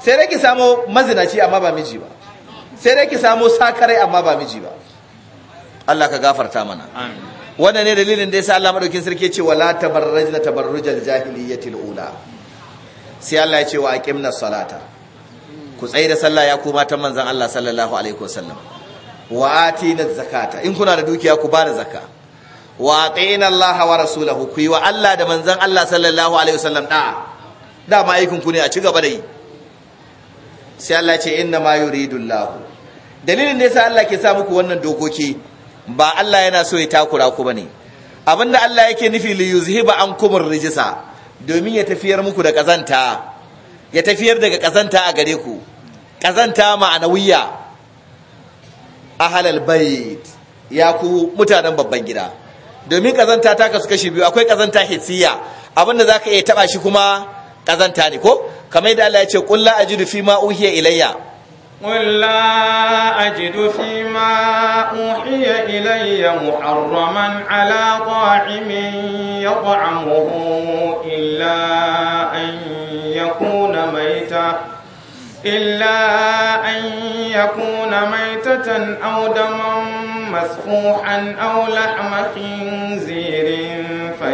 sai dai ki samo mazinaci amma ba miji ba sai dai ki samo sakarai amma ba miji ba Allah ka gafarta mana wannan ne dalilin da yasa Allah madaukin sarki ya ce wala tabarrajna tabarrujal jahiliyyatil ula sai Allah ya ce wa aqimna salata ku tsaye da sallah ya kuma ta manzon Allah sallallahu alaihi wasallam wa atina zakata in kuna da dukiya ku bada zakka wa atina Allah wa rasulahu ku yi wa Allah da manzon Allah sallallahu alaihi wasallam da ma aikin ku ne a ci gaba da yi sai Allah ce inna ma yuridullahu dalilin da yasa Allah ke sa muku wannan dokoki ba Allah yana so ya takura ku bane abinda Allah yake nufi li yuzhiba ankum rijisa domin ya tafiyar muku da kazanta ya tafiyar daga kazanta a gare ku kazanta ma'anawiyya ahlal bait ya ku mutanen babban gida domin kazanta ta kasu kashi biyu akwai kazanta hisiya abinda zaka iya taba shi kuma kazanta ne ko kamar da Allah ya ce kulla a jidu fi ma uhiya ilayya kulla a jidu fi ma uhiya ilayya muharraman ala qa'imi ya ta'amuhu illa an yakuna maita illa an yakuna maitatan aw daman masfuhan aw lahma khinzirin fa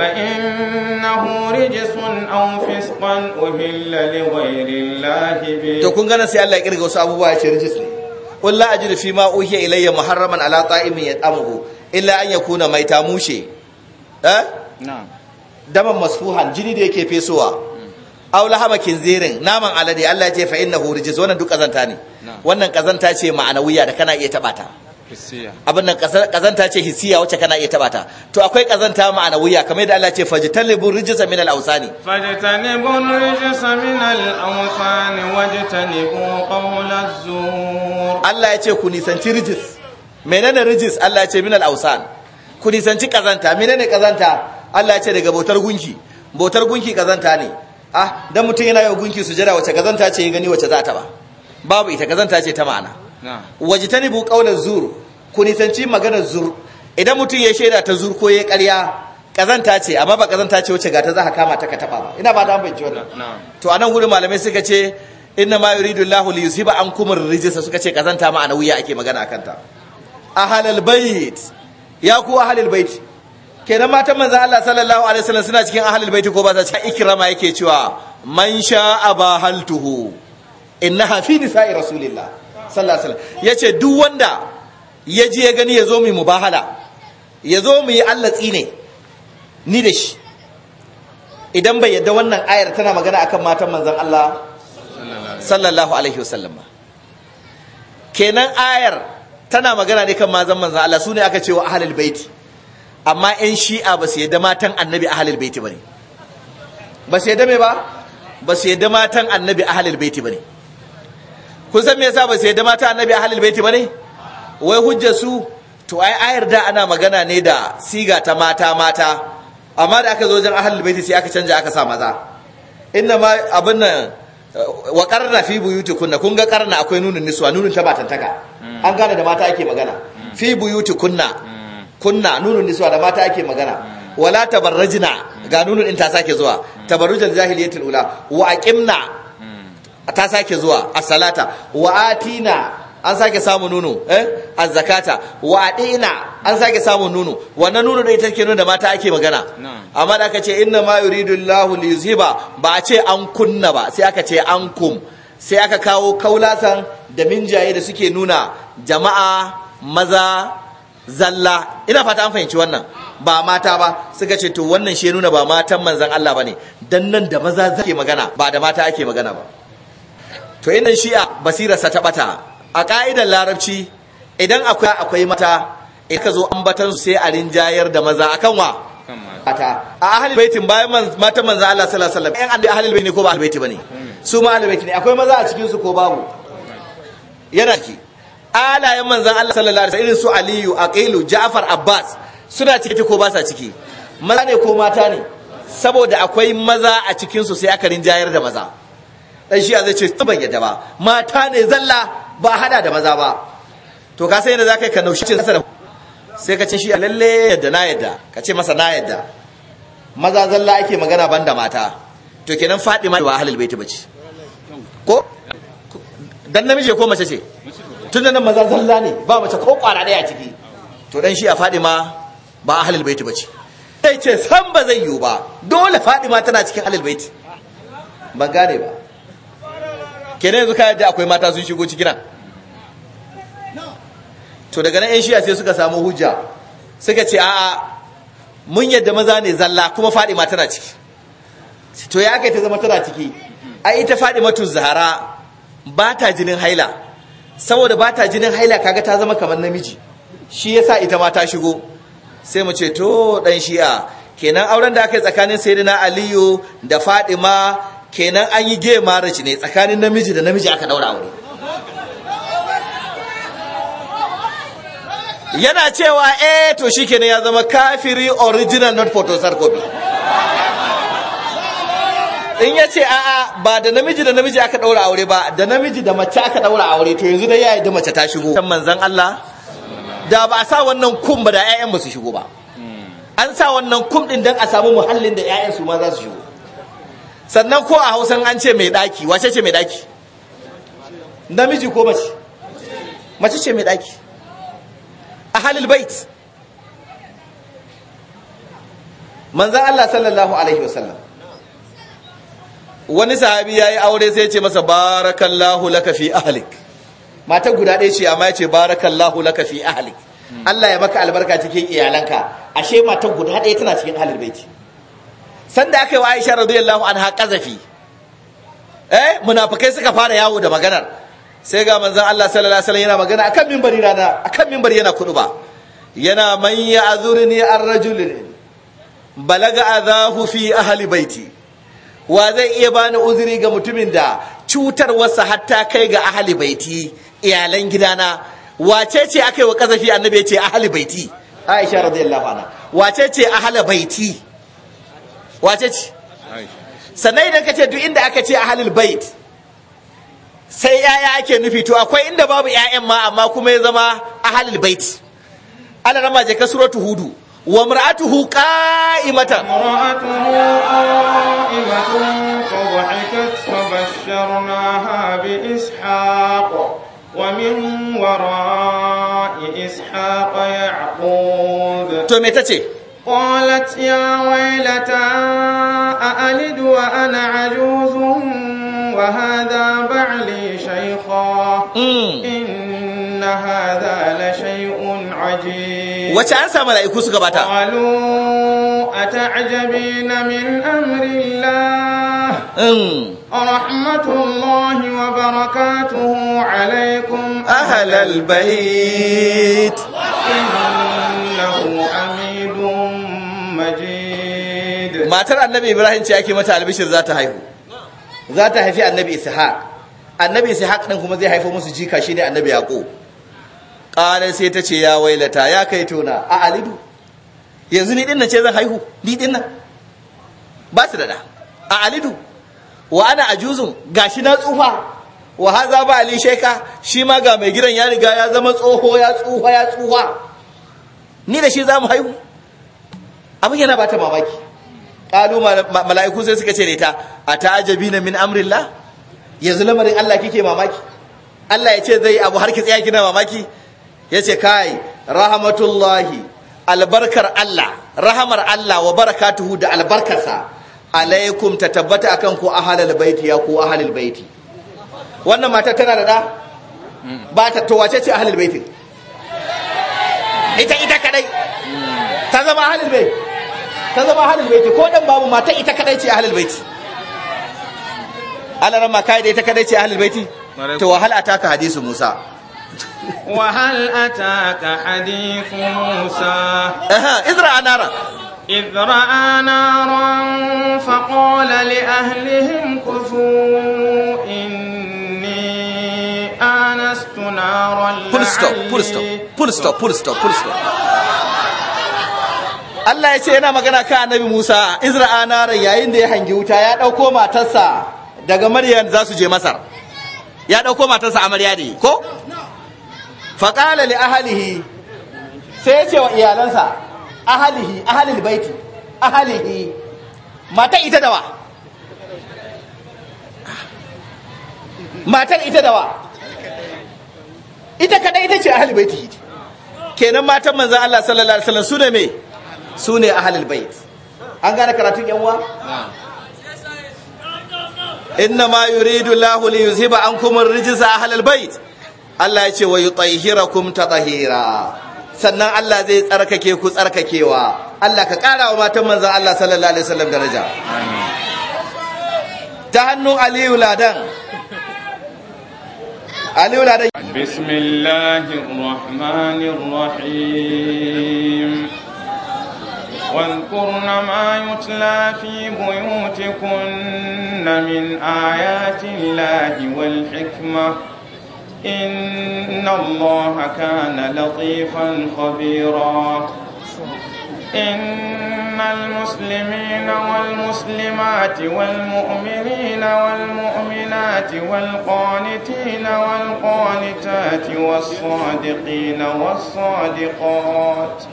فإنه رجس أو فسقا to kun sai Allah kirga wasu abubuwa ya ce rijis ne ma uhiya ilayya muharraman ala ta'imin yat'amuhu illa an yakuna maita mushe eh na'am daman masfuhan jini da yake fesowa hmm. aw lahama zirin naman alade Allah ya ce fa innahu rijis wannan duk kazanta ne wannan kazanta ce ma'anawiya da kana iya taɓata. abin nan kazanta ce hisiya wacce kana iya taba ta to akwai kazanta ma'ana wuya kamar yadda Allah ce fajtanibu rijsa min al-awsani fajtanibu rijsa min al-awsani wajtanibu qawla zur Allah ya ce ku nisanci rijis menene rijis Allah ya ce min al-awsan ku nisanci kazanta menene kazanta Allah ya ce daga bautar gunki bautar gunki kazanta ne ah dan mutum yana yau gunki sujada wacce kazanta ce ya gani wacce za ta ba babu ita kazanta ce ta ma'ana wajtanibu qawla zur ku nisanci maganar zur idan mutum ya shaida ta zur ko ya ƙarya kazanta ce amma ba kazanta ce wacce gata za ka kama ta ka taba ba ina ba da an bayyana wannan to anan gurin malamai suka ce inna ma yuridu Allahu li ba ankum ar-rijsa suka ce kazanta ma wuya ake magana akan ta halal bait ya ku ahlal bait kenan matan manzo Allah sallallahu alaihi wasallam suna cikin halal bait ko ba za ta ikrama yake cewa man sha'a bahaltuhu innaha fi nisa'i rasulillah sallallahu alaihi wasallam yace duk wanda ya je ya gani ya zo mu mubahala ya zo mu yi Allah tsine ni da shi idan bai yadda wannan ayar tana magana akan matan manzon Allah sallallahu alaihi wasallam kenan ayar tana magana ne kan mazan manzon Allah su ne aka ce wa ahlul baiti amma in shi'a ba su yadda matan annabi ahlul baiti bane ba su yadda me ba ba su yadda matan annabi ahlul baiti bane kun san me yasa ba sai da mata annabi ahlul baiti bane wai hujjar su to ai ayar da ana magana ne da siga ta mata mata amma da aka zo wajen ahlul baiti sai aka canja aka sa maza inna ma abin nan wa qarna fi buyutikunna kun ga qarna akwai nunin niswa nunin ta batantaka hmm. an gane da mata ake magana hmm. fi buyutikunna hmm. kunna nunun niswa da mata ake magana wala tabarrajina ga nunun in ta sake zuwa tabarrujal jahiliyatul ula wa aqimna ta sake zuwa a salata wa atina an sake samun nuno eh azzakata wa adina an sake samun nuno wannan nuno da ita ke nuna mata ake magana amma da aka ce inna ma yuridu llahu li ba a ce an kunna ba sai aka ce an kum sai aka kawo kaulasan da minjaye da suke nuna jama'a maza zalla ina fata an fahimci wannan ba mata ba suka ce to wannan shi nuna ba matan manzon Allah bane dan nan da maza zake magana ba da mata ake magana ba to yanayin shi a basirarsa ta bata a ka'idar larabci idan akwai akwai mata idan ka zo ambatan sai a rinjayar da maza A kanwa mata a ahalil baitin bayan mata manza Allah salasalam yan an da ahalil baitin ne ko ba ahalil ba ne. su ma ahalil baitin ne akwai maza a cikinsu ko babu yana ki alayen manzon Allah sallallahu alaihi irin su Aliyu Aqilu Ja'far Abbas suna ciki ko ba sa ciki maza ne ko mata ne saboda akwai maza a cikin sai aka rinjayar da maza dan shi zai ce ban yadda ba mata ne zalla ba hada da maza ba to ka sai yadda za ka yi ka naushi ce sasa sai ka ce shi lalle yadda na yadda ka ce masa na yadda maza zalla ake magana ban da mata to kenan ma ba ahlul baiti bace ko dan namiji ko mace ce tun da nan maza zalla ne ba mace ko kwara daya ciki to dan shi a ma ba ahlul baiti bace sai ce san ba zai yiwu ba dole ma tana cikin ahlul baiti ban gane ba kenan yanzu ka da akwai mata sun shigo cikin nan to daga nan yan shiya sai suka samu hujja suka ce a'a mun yadda maza ne zalla kuma fadima tana ciki to ya kai ta zama tana ciki ai ita tun zahara ba ta jinin haila saboda ba ta jinin haila kaga ta zama kamar namiji shi yasa ita ma ta shigo sai mu ce to dan shi'a kenan auren da aka yi tsakanin sayyidina aliyu da fadima kenan an yi gay marriage ne tsakanin namiji da namiji aka daura aure yana cewa eh to shikenan ya zama kafiri original not photocopy in ya ce a'a ba da namiji da namiji aka daura aure ba da namiji da mace aka daura aure to yanzu dai yi da mace ta shigo kan manzan Allah da ba a sa wannan kun ba da ƴaƴan ba su shigo ba hmm. an sa wannan kun din dan a samu muhallin da 'ya'yan su ma za su shigo sannan ko a hausan an ce mai ɗaki wace ce mai ɗaki namiji ko mace mace ce mai ɗaki a halil bait manzan Allah sallallahu alaihi wasallam wani sahabi ya yi aure sai ce masa barakallahu laka fi ahalik. mata guda ɗaya ce amma ya ce barakallahu laka fi ahalik. Hmm. Allah ya maka albarka cikin iyalanka ashe mata guda ɗaya tana cikin halil baiti sanda aka yi wa Aisha radiyallahu anha kazafi eh munafikai suka fara yawo da maganar sai ga manzon Allah sallallahu alaihi wasallam yana magana akan minbari rana akan minbari yana kuduba yana man ya'zurni ar rajul balaga azahu fi ahli baiti wa zai iya bani uzuri ga mutumin da cutar wasa hatta kai ga ahli baiti iyalan gidana wace ce aka yi wa kazafi annabi ya ce ahli baiti Aisha radiyallahu anha wace ce ahli baiti wace ce sannan idan ka ce duk inda aka ce halil bait sai yaya ake nufi to akwai inda babu yayan ma amma kuma ya zama halil bait Allah rama je ka suratu hudu wa mar'atuhu qa'imatan mar'atuhu qa'imatan fa dhahikat bi ishaq wa min wara'i ishaq ya'qub to me tace قالت يا ويلتى أألد وأنا عجوز وهذا بعلي شيخا إن هذا لشيء عجيب وتأنسى ملائكو سكباتا قالوا أتعجبين من أمر الله رحمة الله وبركاته عليكم أهل البيت إنه أمر matar annabi ibrahim ce ake mata albishir za ta haihu za ta haifi annabi ishaq annabi ishaq din kuma zai haifo musu jika Shi ne annabi Yaƙo. qala sai ta ce ya wailata ya kai tona a alidu yanzu ni din ce zan haihu ni din ba su da da a alidu wa ana ajuzun gashi na tsufa wa haza ba ali sheka shi ma ga mai gidan ya riga ya zama tsoho ya tsufa ya tsufa ni da shi za mu haihu abin yana ba ta mamaki qalu mala'iku sai suka ce da ita atajabina min amrillah yanzu lamarin Allah kike mamaki Allah ya ce zai abu har ki tsaya kina mamaki yace kai rahmatullahi albarkar Allah rahmar Allah wa barakatuhu da albarkarsa alaikum ta tabbata akan ku ahalal baiti ya ku ahalal baiti wannan mata tana da da ba ta to wace ce ahalal baiti ita ita kadai ta zama ahalal baiti ta zama ahlul baiti ko dan babu mata ita kadai ce ahlul baiti alaran ma kai da ita kadai ce ahlul baiti to wahal ataka hadisu musa wahal ataka hadisu musa izra anara إذ رأى نارا فقال لأهلهم كثوا إني آنست نارا لعلي Pull stop, pull stop, pull stop, pull stop, pull stop. Allah ya ce yana magana kan annabi Musa Izra'a naran yayin da ya hangi wuta ya ɗauko matarsa daga Maryam za su je Masar ya ɗauko matarsa amarya ne ko faƙala li ahalihi sai ya ce wa iyalansa ahalihi ahalil baiti ahalihi mata ita dawa matar ita dawa ita kadai ita ce ahalil baiti kenan matan manzon Allah sallallahu alaihi wasallam su ne me su ne ahalul bait an gane karatun yanwa inna ma yuridu Allahu li yuzhiba ankum ar-rijsa ahlal bait Allah ya ce wa yutahhirakum tatahira sannan Allah zai tsarkake ku tsarkakewa Allah ka kara wa matan manzon Allah sallallahu alaihi wasallam daraja ta hannun Aliyu Ladan Aliyu Ladan bismillahir rahmanir rahim واذكرن ما يتلى في بيوتكن من آيات الله والحكمة إن الله كان لطيفا خبيرا إن المسلمين والمسلمات والمؤمنين والمؤمنات والقانتين والقانتات والصادقين والصادقات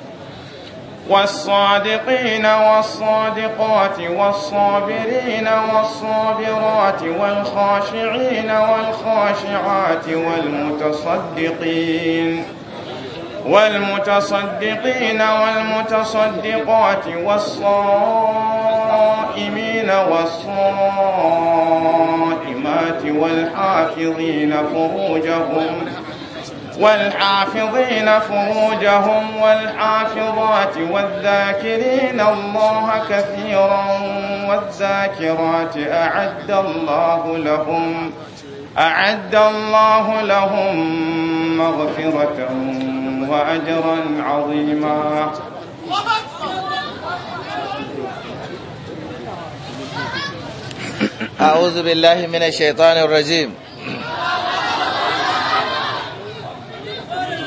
والصادقين والصادقات والصابرين والصابرات والخاشعين والخاشعات والمتصدقين والمتصدقين والمتصدقات والصائمين والصائمات والحافظين فروجهم والحافظين فروجهم والحافظات والذاكرين الله كثيرا والذاكرات أعد الله لهم أعد الله لهم مغفرة وأجرا عظيما أعوذ بالله من الشيطان الرجيم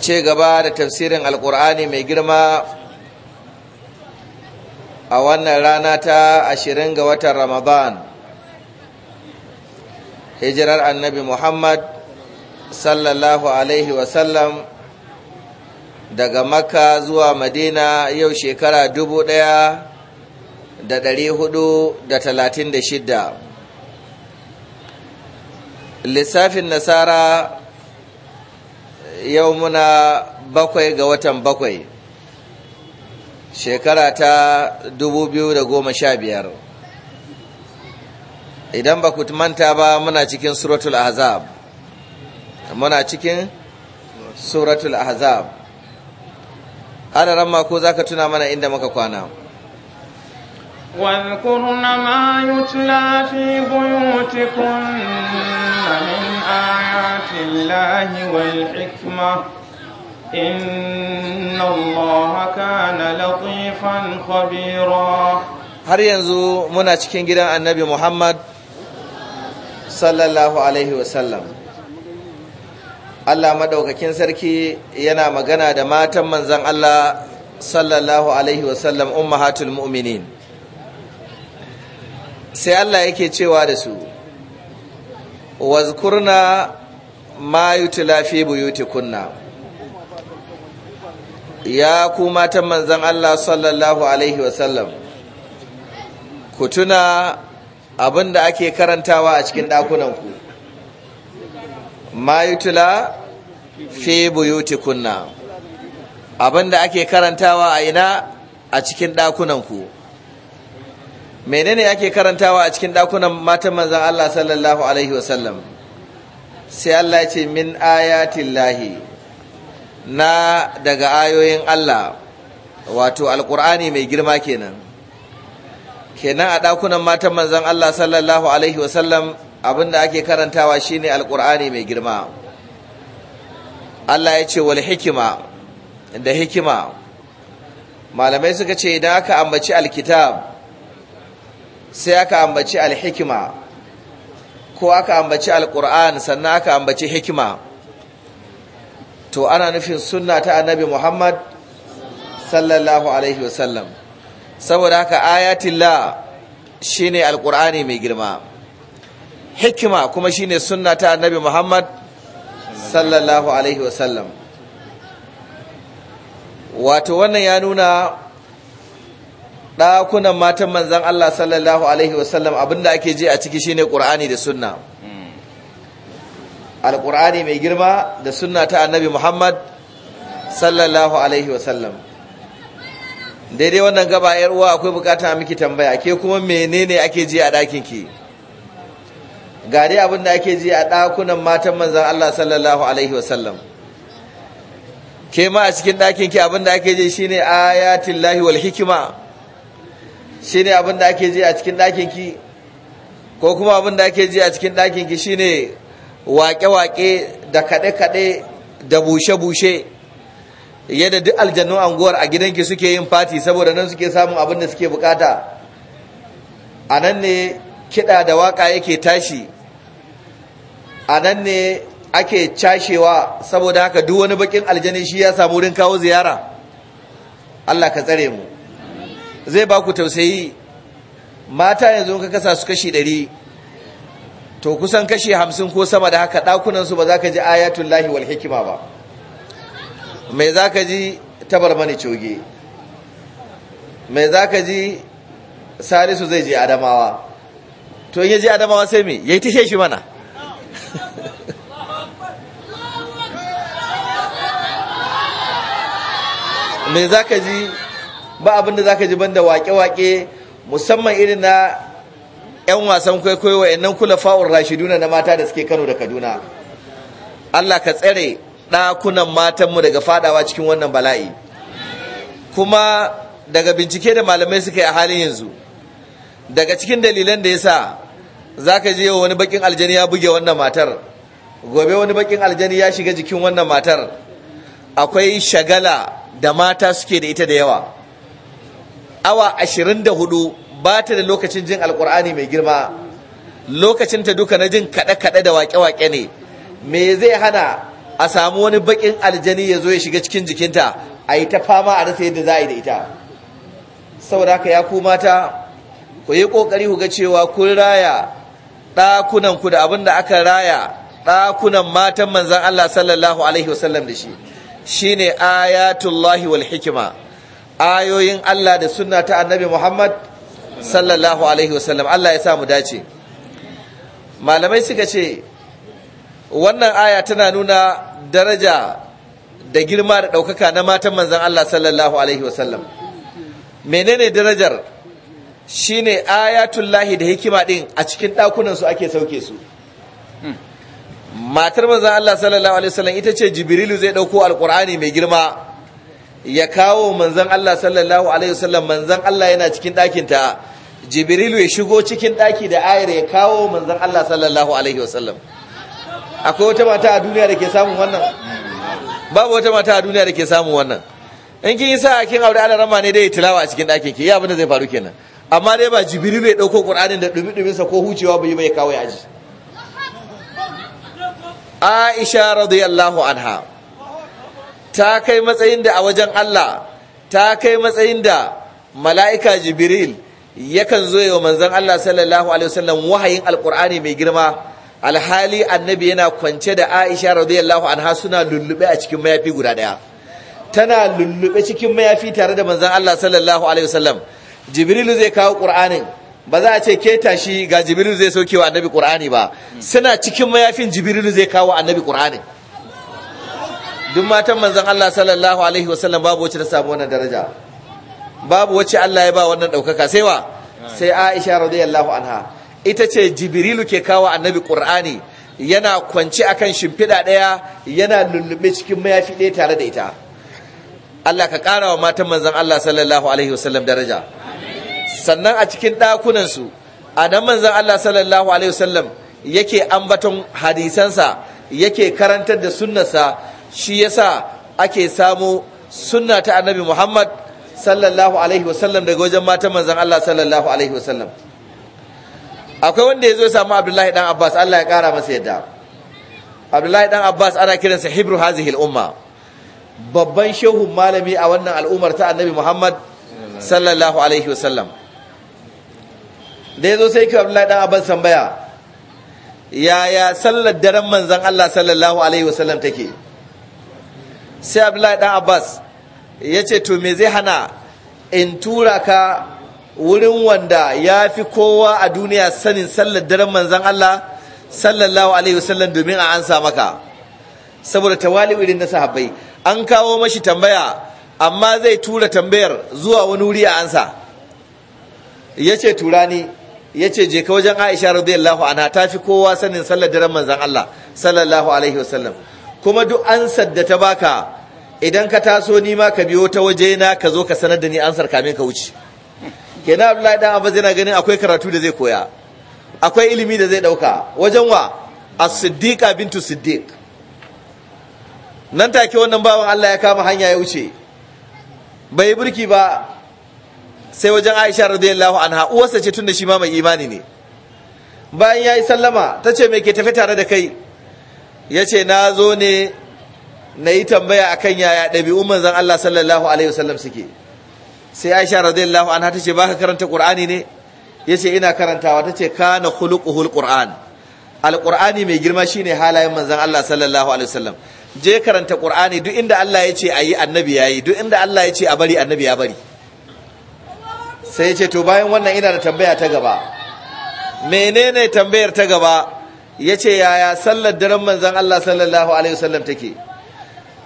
ce gaba da tafsirin alkur'ani mai girma a wannan rana ta ashirin ga watan ramadan hijirar annabi muhammad sallallahu alaihi wasallam daga makka zuwa madina yau shekara dubu ɗaya da dari hudu da talatin da shidda lissafin nasara yau muna bakwai ga watan bakwai shekara ta biyar. idan ba ku manta ba muna cikin suratul ahzab muna cikin suratul ahzab ana ramma ko za ka tuna mana inda muka kwana واذكرن ما يتلى في بيوتكن من آيات الله والحكمة إن الله كان لطيفا خبيرا har yanzu muna cikin gidan محمد صلى الله عليه وسلم Allah madaukakin sarki yana magana da matan manzan Allah sallallahu alaihi wasallam ummahatul mu'minin sai Allah yake cewa da su wazkurna ma yutla fi buyutikunna ya ku matan manzon Allah sallallahu alaihi wasallam ku tuna abinda ake karantawa a cikin ɗakunanku ma yutla fi buyutikunna abinda ake karantawa a ina a cikin ɗakunanku menene ake karantawa a cikin dakunan matan manzan Allah sallallahu alaihi wasallam sai Allah ya ce min lahi na daga ayoyin Allah wato alkur'ani mai girma kenan kenan a dakunan matan manzan Allah sallallahu alaihi wasallam abinda ake karantawa shine alkur'ani mai girma Allah ya ce wal hikima da hikima malamai suka ce idan aka ambaci alkitab sai aka ambaci alhikima ko aka ambaci alkur'an sannan aka ambaci hikima to ana nufin sunna ta annabi muhammad sallallahu alaihi wasallam saboda haka shi ne alkur'ani mai girma hikima kuma shine sunna ta annabi muhammad sallallahu alaihi wasallam wato wannan ya nuna ɗakunan matan manzan Allah sallallahu alaihi wasallam abinda ake ji a ciki shine Qur'ani da sunna hmm. alƙur'ani mai girma da sunna ta annabi Muhammad sallallahu alaihi wasallam daidai wannan gaba yar akwai bukata miki tambaya ke kuma menene ake ji a ɗakin ki ga dai abinda ake ji a ɗakunan matan manzan Allah sallallahu alaihi wasallam ke ma a cikin ɗakin ki abinda ake ji shine ayatillahi wal hikima ne abin da ake ji a cikin ɗakinki, ko kuma abin da ake ji a cikin ɗakinki, shi ne waƙe-waƙe da kaɗe-kaɗe da bushe-bushe yadda duk aljannu anguwar a gidanki suke yin fati saboda nan suke samun abin da suke bukata a nan ne kiɗa da waƙa yake tashi a nan ne ake cashewa saboda haka duk wani bakin aljani shi ya samu wurin kawo ziyara Allah ka tsare mu zai ba ku tausayi mata yanzu ka kasa su kashi ɗari to kusan kashi hamsin ko sama da haka ɗakunansu ba za ka ji ayatun lahi wal hikima ba mai za ka ji tabar mani coge mai za ka ji salisu zai je adamawa to in ya je adamawa sai me ya yi tashe shi mana mai za ka ji ba abin da ka ji banda waƙe-waƙe musamman irin na 'yan wasan kwaikwayo nan kula fa'ur rashiduna na mata da suke Kano da Kaduna Allah ka tsare ɗakunan matanmu daga fadawa cikin wannan bala'i kuma daga bincike da malamai suka yi a halin yanzu daga cikin dalilan da yasa zaka je wani bakin aljani ya buge wannan matar gobe wani bakin aljani ya shiga jikin wannan matar akwai shagala da mata suke da ita da yawa awa 24 ba ta da lokacin jin alkur'ani mai girma lokacinta duka na jin kaɗe-kaɗe da waƙe-waƙe ne me zai hana a samu wani baƙin aljani ya zo ya shiga cikin jikinta a yi ta fama a rasa yadda za a yi da ita saboda haka ya ku mata ku yi ƙoƙari ku ga cewa kun raya ɗakunanku da abin da aka raya ɗakunan matan manzan Allah sallallahu alaihi wasallam da shi shine ayatullahi wal hikima ayoyin Allah da sunna ta annabi Muhammad sallallahu alaihi wasallam Allah ya samu dace malamai suka ce wannan aya tana nuna daraja da girma da ɗaukaka na matan manzan Allah sallallahu alaihi wasallam menene darajar Shi shine ayatullahi da hikima ɗin a cikin ɗakunansu ake sauke su matar manzan Allah sallallahu alaihi wasallam ita ce jibrilu zai ɗauko alƙur'ani mai girma ya kawo manzan Allah sallallahu alaihi wasallam Manzan Allah yana cikin ɗakin ta Jibrilu ya shigo cikin ɗaki da ayar ya kawo manzan Allah sallallahu alaihi wasallam akwai wata mata a duniya da ke samun wannan babu wata mata a duniya da ke samun wannan in kin yi sa kin aure alarama ne dai tilawa a cikin ɗakin ki ya abin da zai faru kenan amma dai ba Jibrilu ya ɗauko Qur'anin da ɗumi-ɗumi sa ko hucewa bai bai kawo ya aji Aisha radiyallahu anha ta kai matsayin da a wajen Allah ta kai matsayin da mala'ika jibril yakan zo wa manzan Allah sallallahu alaihi wasallam wahayin Alƙur'ani mai girma alhali annabi yana kwance da Aisha radiyallahu anha suna lullube a cikin mayafi guda daya tana lullube cikin mayafi tare da manzan Allah sallallahu alaihi wasallam jibril zai kawo ƙur'anin. ba za a ce ke tashi ga jibril zai sauke annabi ƙur'ani ba suna cikin mayafin jibril zai kawo annabi ƙur'anin. duk matan manzon Allah sallallahu alaihi wasallam babu wacce ta samu wannan daraja babu wacce Allah ya ba wannan daukaka sai wa sai Aisha radiyallahu anha ita ce Jibrilu ke kawo annabi Qur'ani yana kwance akan shimfiɗa ɗaya yana lullube cikin mayafi ɗaya tare da ita Allah ka ƙara wa matan manzon Allah sallallahu alaihi wasallam daraja sannan a cikin dakunan su a nan manzon Allah sallallahu alaihi wasallam yake ambaton hadisansa yake karantar da sunnarsa shi yasa ake samu sunna ta annabi Muhammad sallallahu alaihi wasallam daga wajen matan manzon Allah sallallahu alaihi wasallam akwai wanda ya zo ya samu Abdullahi dan Abbas Allah ya kara masa yadda Abdullahi dan Abbas ana kiransa hibru hazihi umma babban shehu malami a wannan al'ummar ta annabi Muhammad sallallahu alaihi wasallam da ya zo sai ki Abdullahi dan Abbas tambaya yaya sallar daren manzon Allah sallallahu alaihi wasallam take sai abdullahi dan abbas ya ce to me zai hana in tura ka wurin wanda ya fi kowa a duniya sanin sallar daren manzan Allah sallallahu alaihi wasallam domin a ansa maka saboda tawali irin na sahabbai an kawo mashi tambaya amma zai tura tambayar zuwa wani wuri a ansa Ya ce tura ni ce je ka wajen Aisha radiyallahu anha ta fi kowa sanin sallar daren manzan Allah sallallahu alaihi wasallam kuma duk ansar da ta baka idan ka taso ni ma ka biyo ta waje na ka zo ka sanar da ni ansar kamin ka wuce kenan Abdullahi dan Abbas yana ganin akwai karatu da zai koya akwai ilimi da zai dauka wajen wa as-siddiqa bintu siddiq nan take wannan bawan Allah ya kama hanya ya wuce bai burki ba sai wajen Aisha radiyallahu anha uwarsa ce tunda shi ma mai imani ne bayan yayi sallama tace me ke tafi tare da kai ya ce na zo ne na yi tambaya a kan yaya ɗabi'un manzan Allah sallallahu alaihi wasallam suke sai aisha radiyallahu an ta ce ba ka karanta ƙur'ani ne ya ce ina karantawa ta ce na khuluquhul qur'an alƙur'ani mai girma shi ne halayen manzan Allah sallallahu alaihi wasallam je karanta qur'ani duk inda Allah ya ce yi annabi ya yi duk inda Allah ya ce a bari annabi ya bari sai ya ce to bayan wannan ina da tambaya ta gaba menene tambayar ta gaba Ya ce yaya sallar daren manzan Allah sallallahu alaihi wasallam take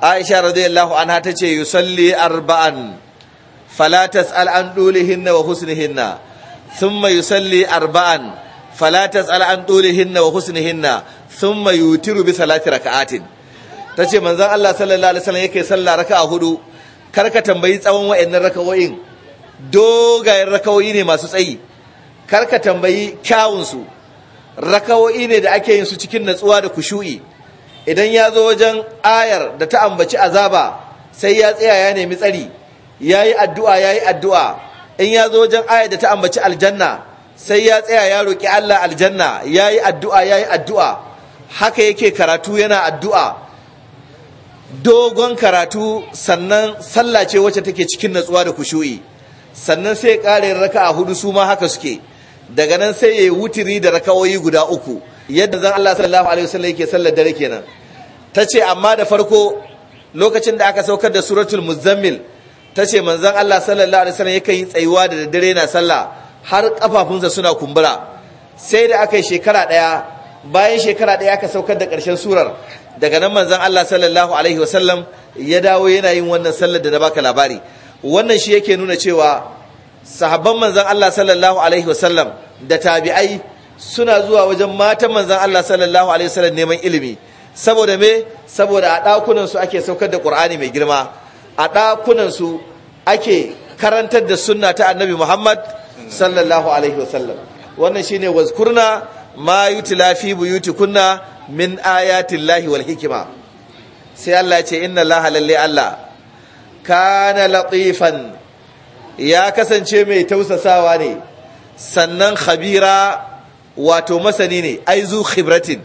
Aisha radiyallahu ce yi salli arba'an fala tas'al an dulihinna wa husnihinna yi salli arba'an fala tas'al an dulihinna wa husnihinna thumma yutiru bi salati ta ce manzan Allah sallallahu alaihi wasallam yake raka a hudu karka tambayi tsawon wayannan rakawoyin dogayen rakawoyi ne masu tsayi karka tambayi kyawunsu rakawo'i ne da ake yin su cikin natsuwa da kushu'i idan ya zo wajen ayar da ta ambaci azaba sai ya tsaya ya nemi tsari ya yi addu'a ya yi addu'a in ya zo wajen ayar da ta ambaci aljanna sai ya tsaya ya roƙi Allah aljanna ya yi addu'a ya yi addu'a haka yake karatu yana addu'a dogon karatu sannan sallah ce wacce take cikin natsuwa da kushu'i sannan sai ƙarin raka a hudu su ma haka suke daga nan sai ya yi wuturi da rakawoyi guda uku yadda zan Allah sallallahu alaihi wasallam yake sallar dare kenan ta ce amma da farko lokacin da aka saukar da suratul muzammil ta ce manzan Allah sallallahu alaihi wasallam yakan yi tsayuwa da dare na sallah har kafafunsa suna kumbura sai da aka yi shekara daya bayan shekara daya aka saukar da karshen surar daga nan manzan Allah sallallahu alaihi wasallam ya dawo yana yin wannan sallar da na baka labari wannan shi yake nuna cewa sahabban manzan Allah sallallahu alaihi wasallam da tabi'ai suna zuwa wajen matan manzan Allah sallallahu alaihi wasallam neman ilimi saboda me saboda a ɗakunansu ake saukar da ƙur'ani mai girma a ɗakunansu ake karantar da sunna ta Annabi Muhammad sallallahu alaihi wasallam wannan shine wazkurna ma yutla fi kunna min lahi wal hikima sai Allah ce inna Allah lalle Allah kana latifan ya kasance mai tausasawa ne sannan khabira wato masani ne aizu khibratin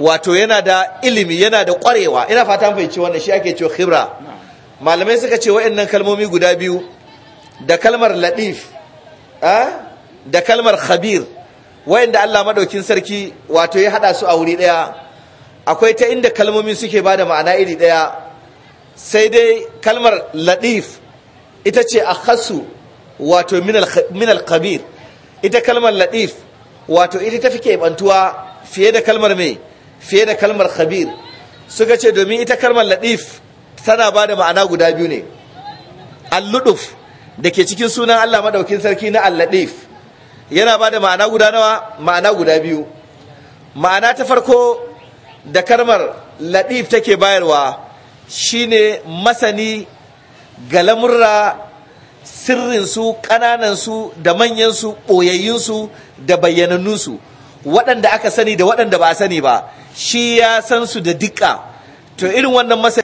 wato yana da ilimi yana da kwarewa ina fata fahimci wannan shi ake cewa khibra malamai suka ce nan kalmomi guda biyu da kalmar latif da kalmar khabir wayanda Allah madaukin sarki wato ya hada su a wuri daya akwai ta inda kalmomi suke bada ma'ana iri daya sai dai kalmar latif ita ce a hasu wato minal kabir ita kalmar latif wato ita tafi keɓantuwa fiye da kalmar mai fiye da kalmar khabir suka ce domin ita kalmar latif tana ba da ma'ana guda biyu ne alluduf da ke cikin sunan allah maɗaukin sarki na alladif yana ba da ma'ana guda nawa ma'ana guda biyu ma'ana ta farko da kalmar latif take bayarwa shine masani ga lamurra sirrinsu ƙananansu da manyansu ɓoyayyunsu da bayyanannunsu waɗanda aka sani da waɗanda ba a sani ba shi ya san su da dukka to irin wannan masa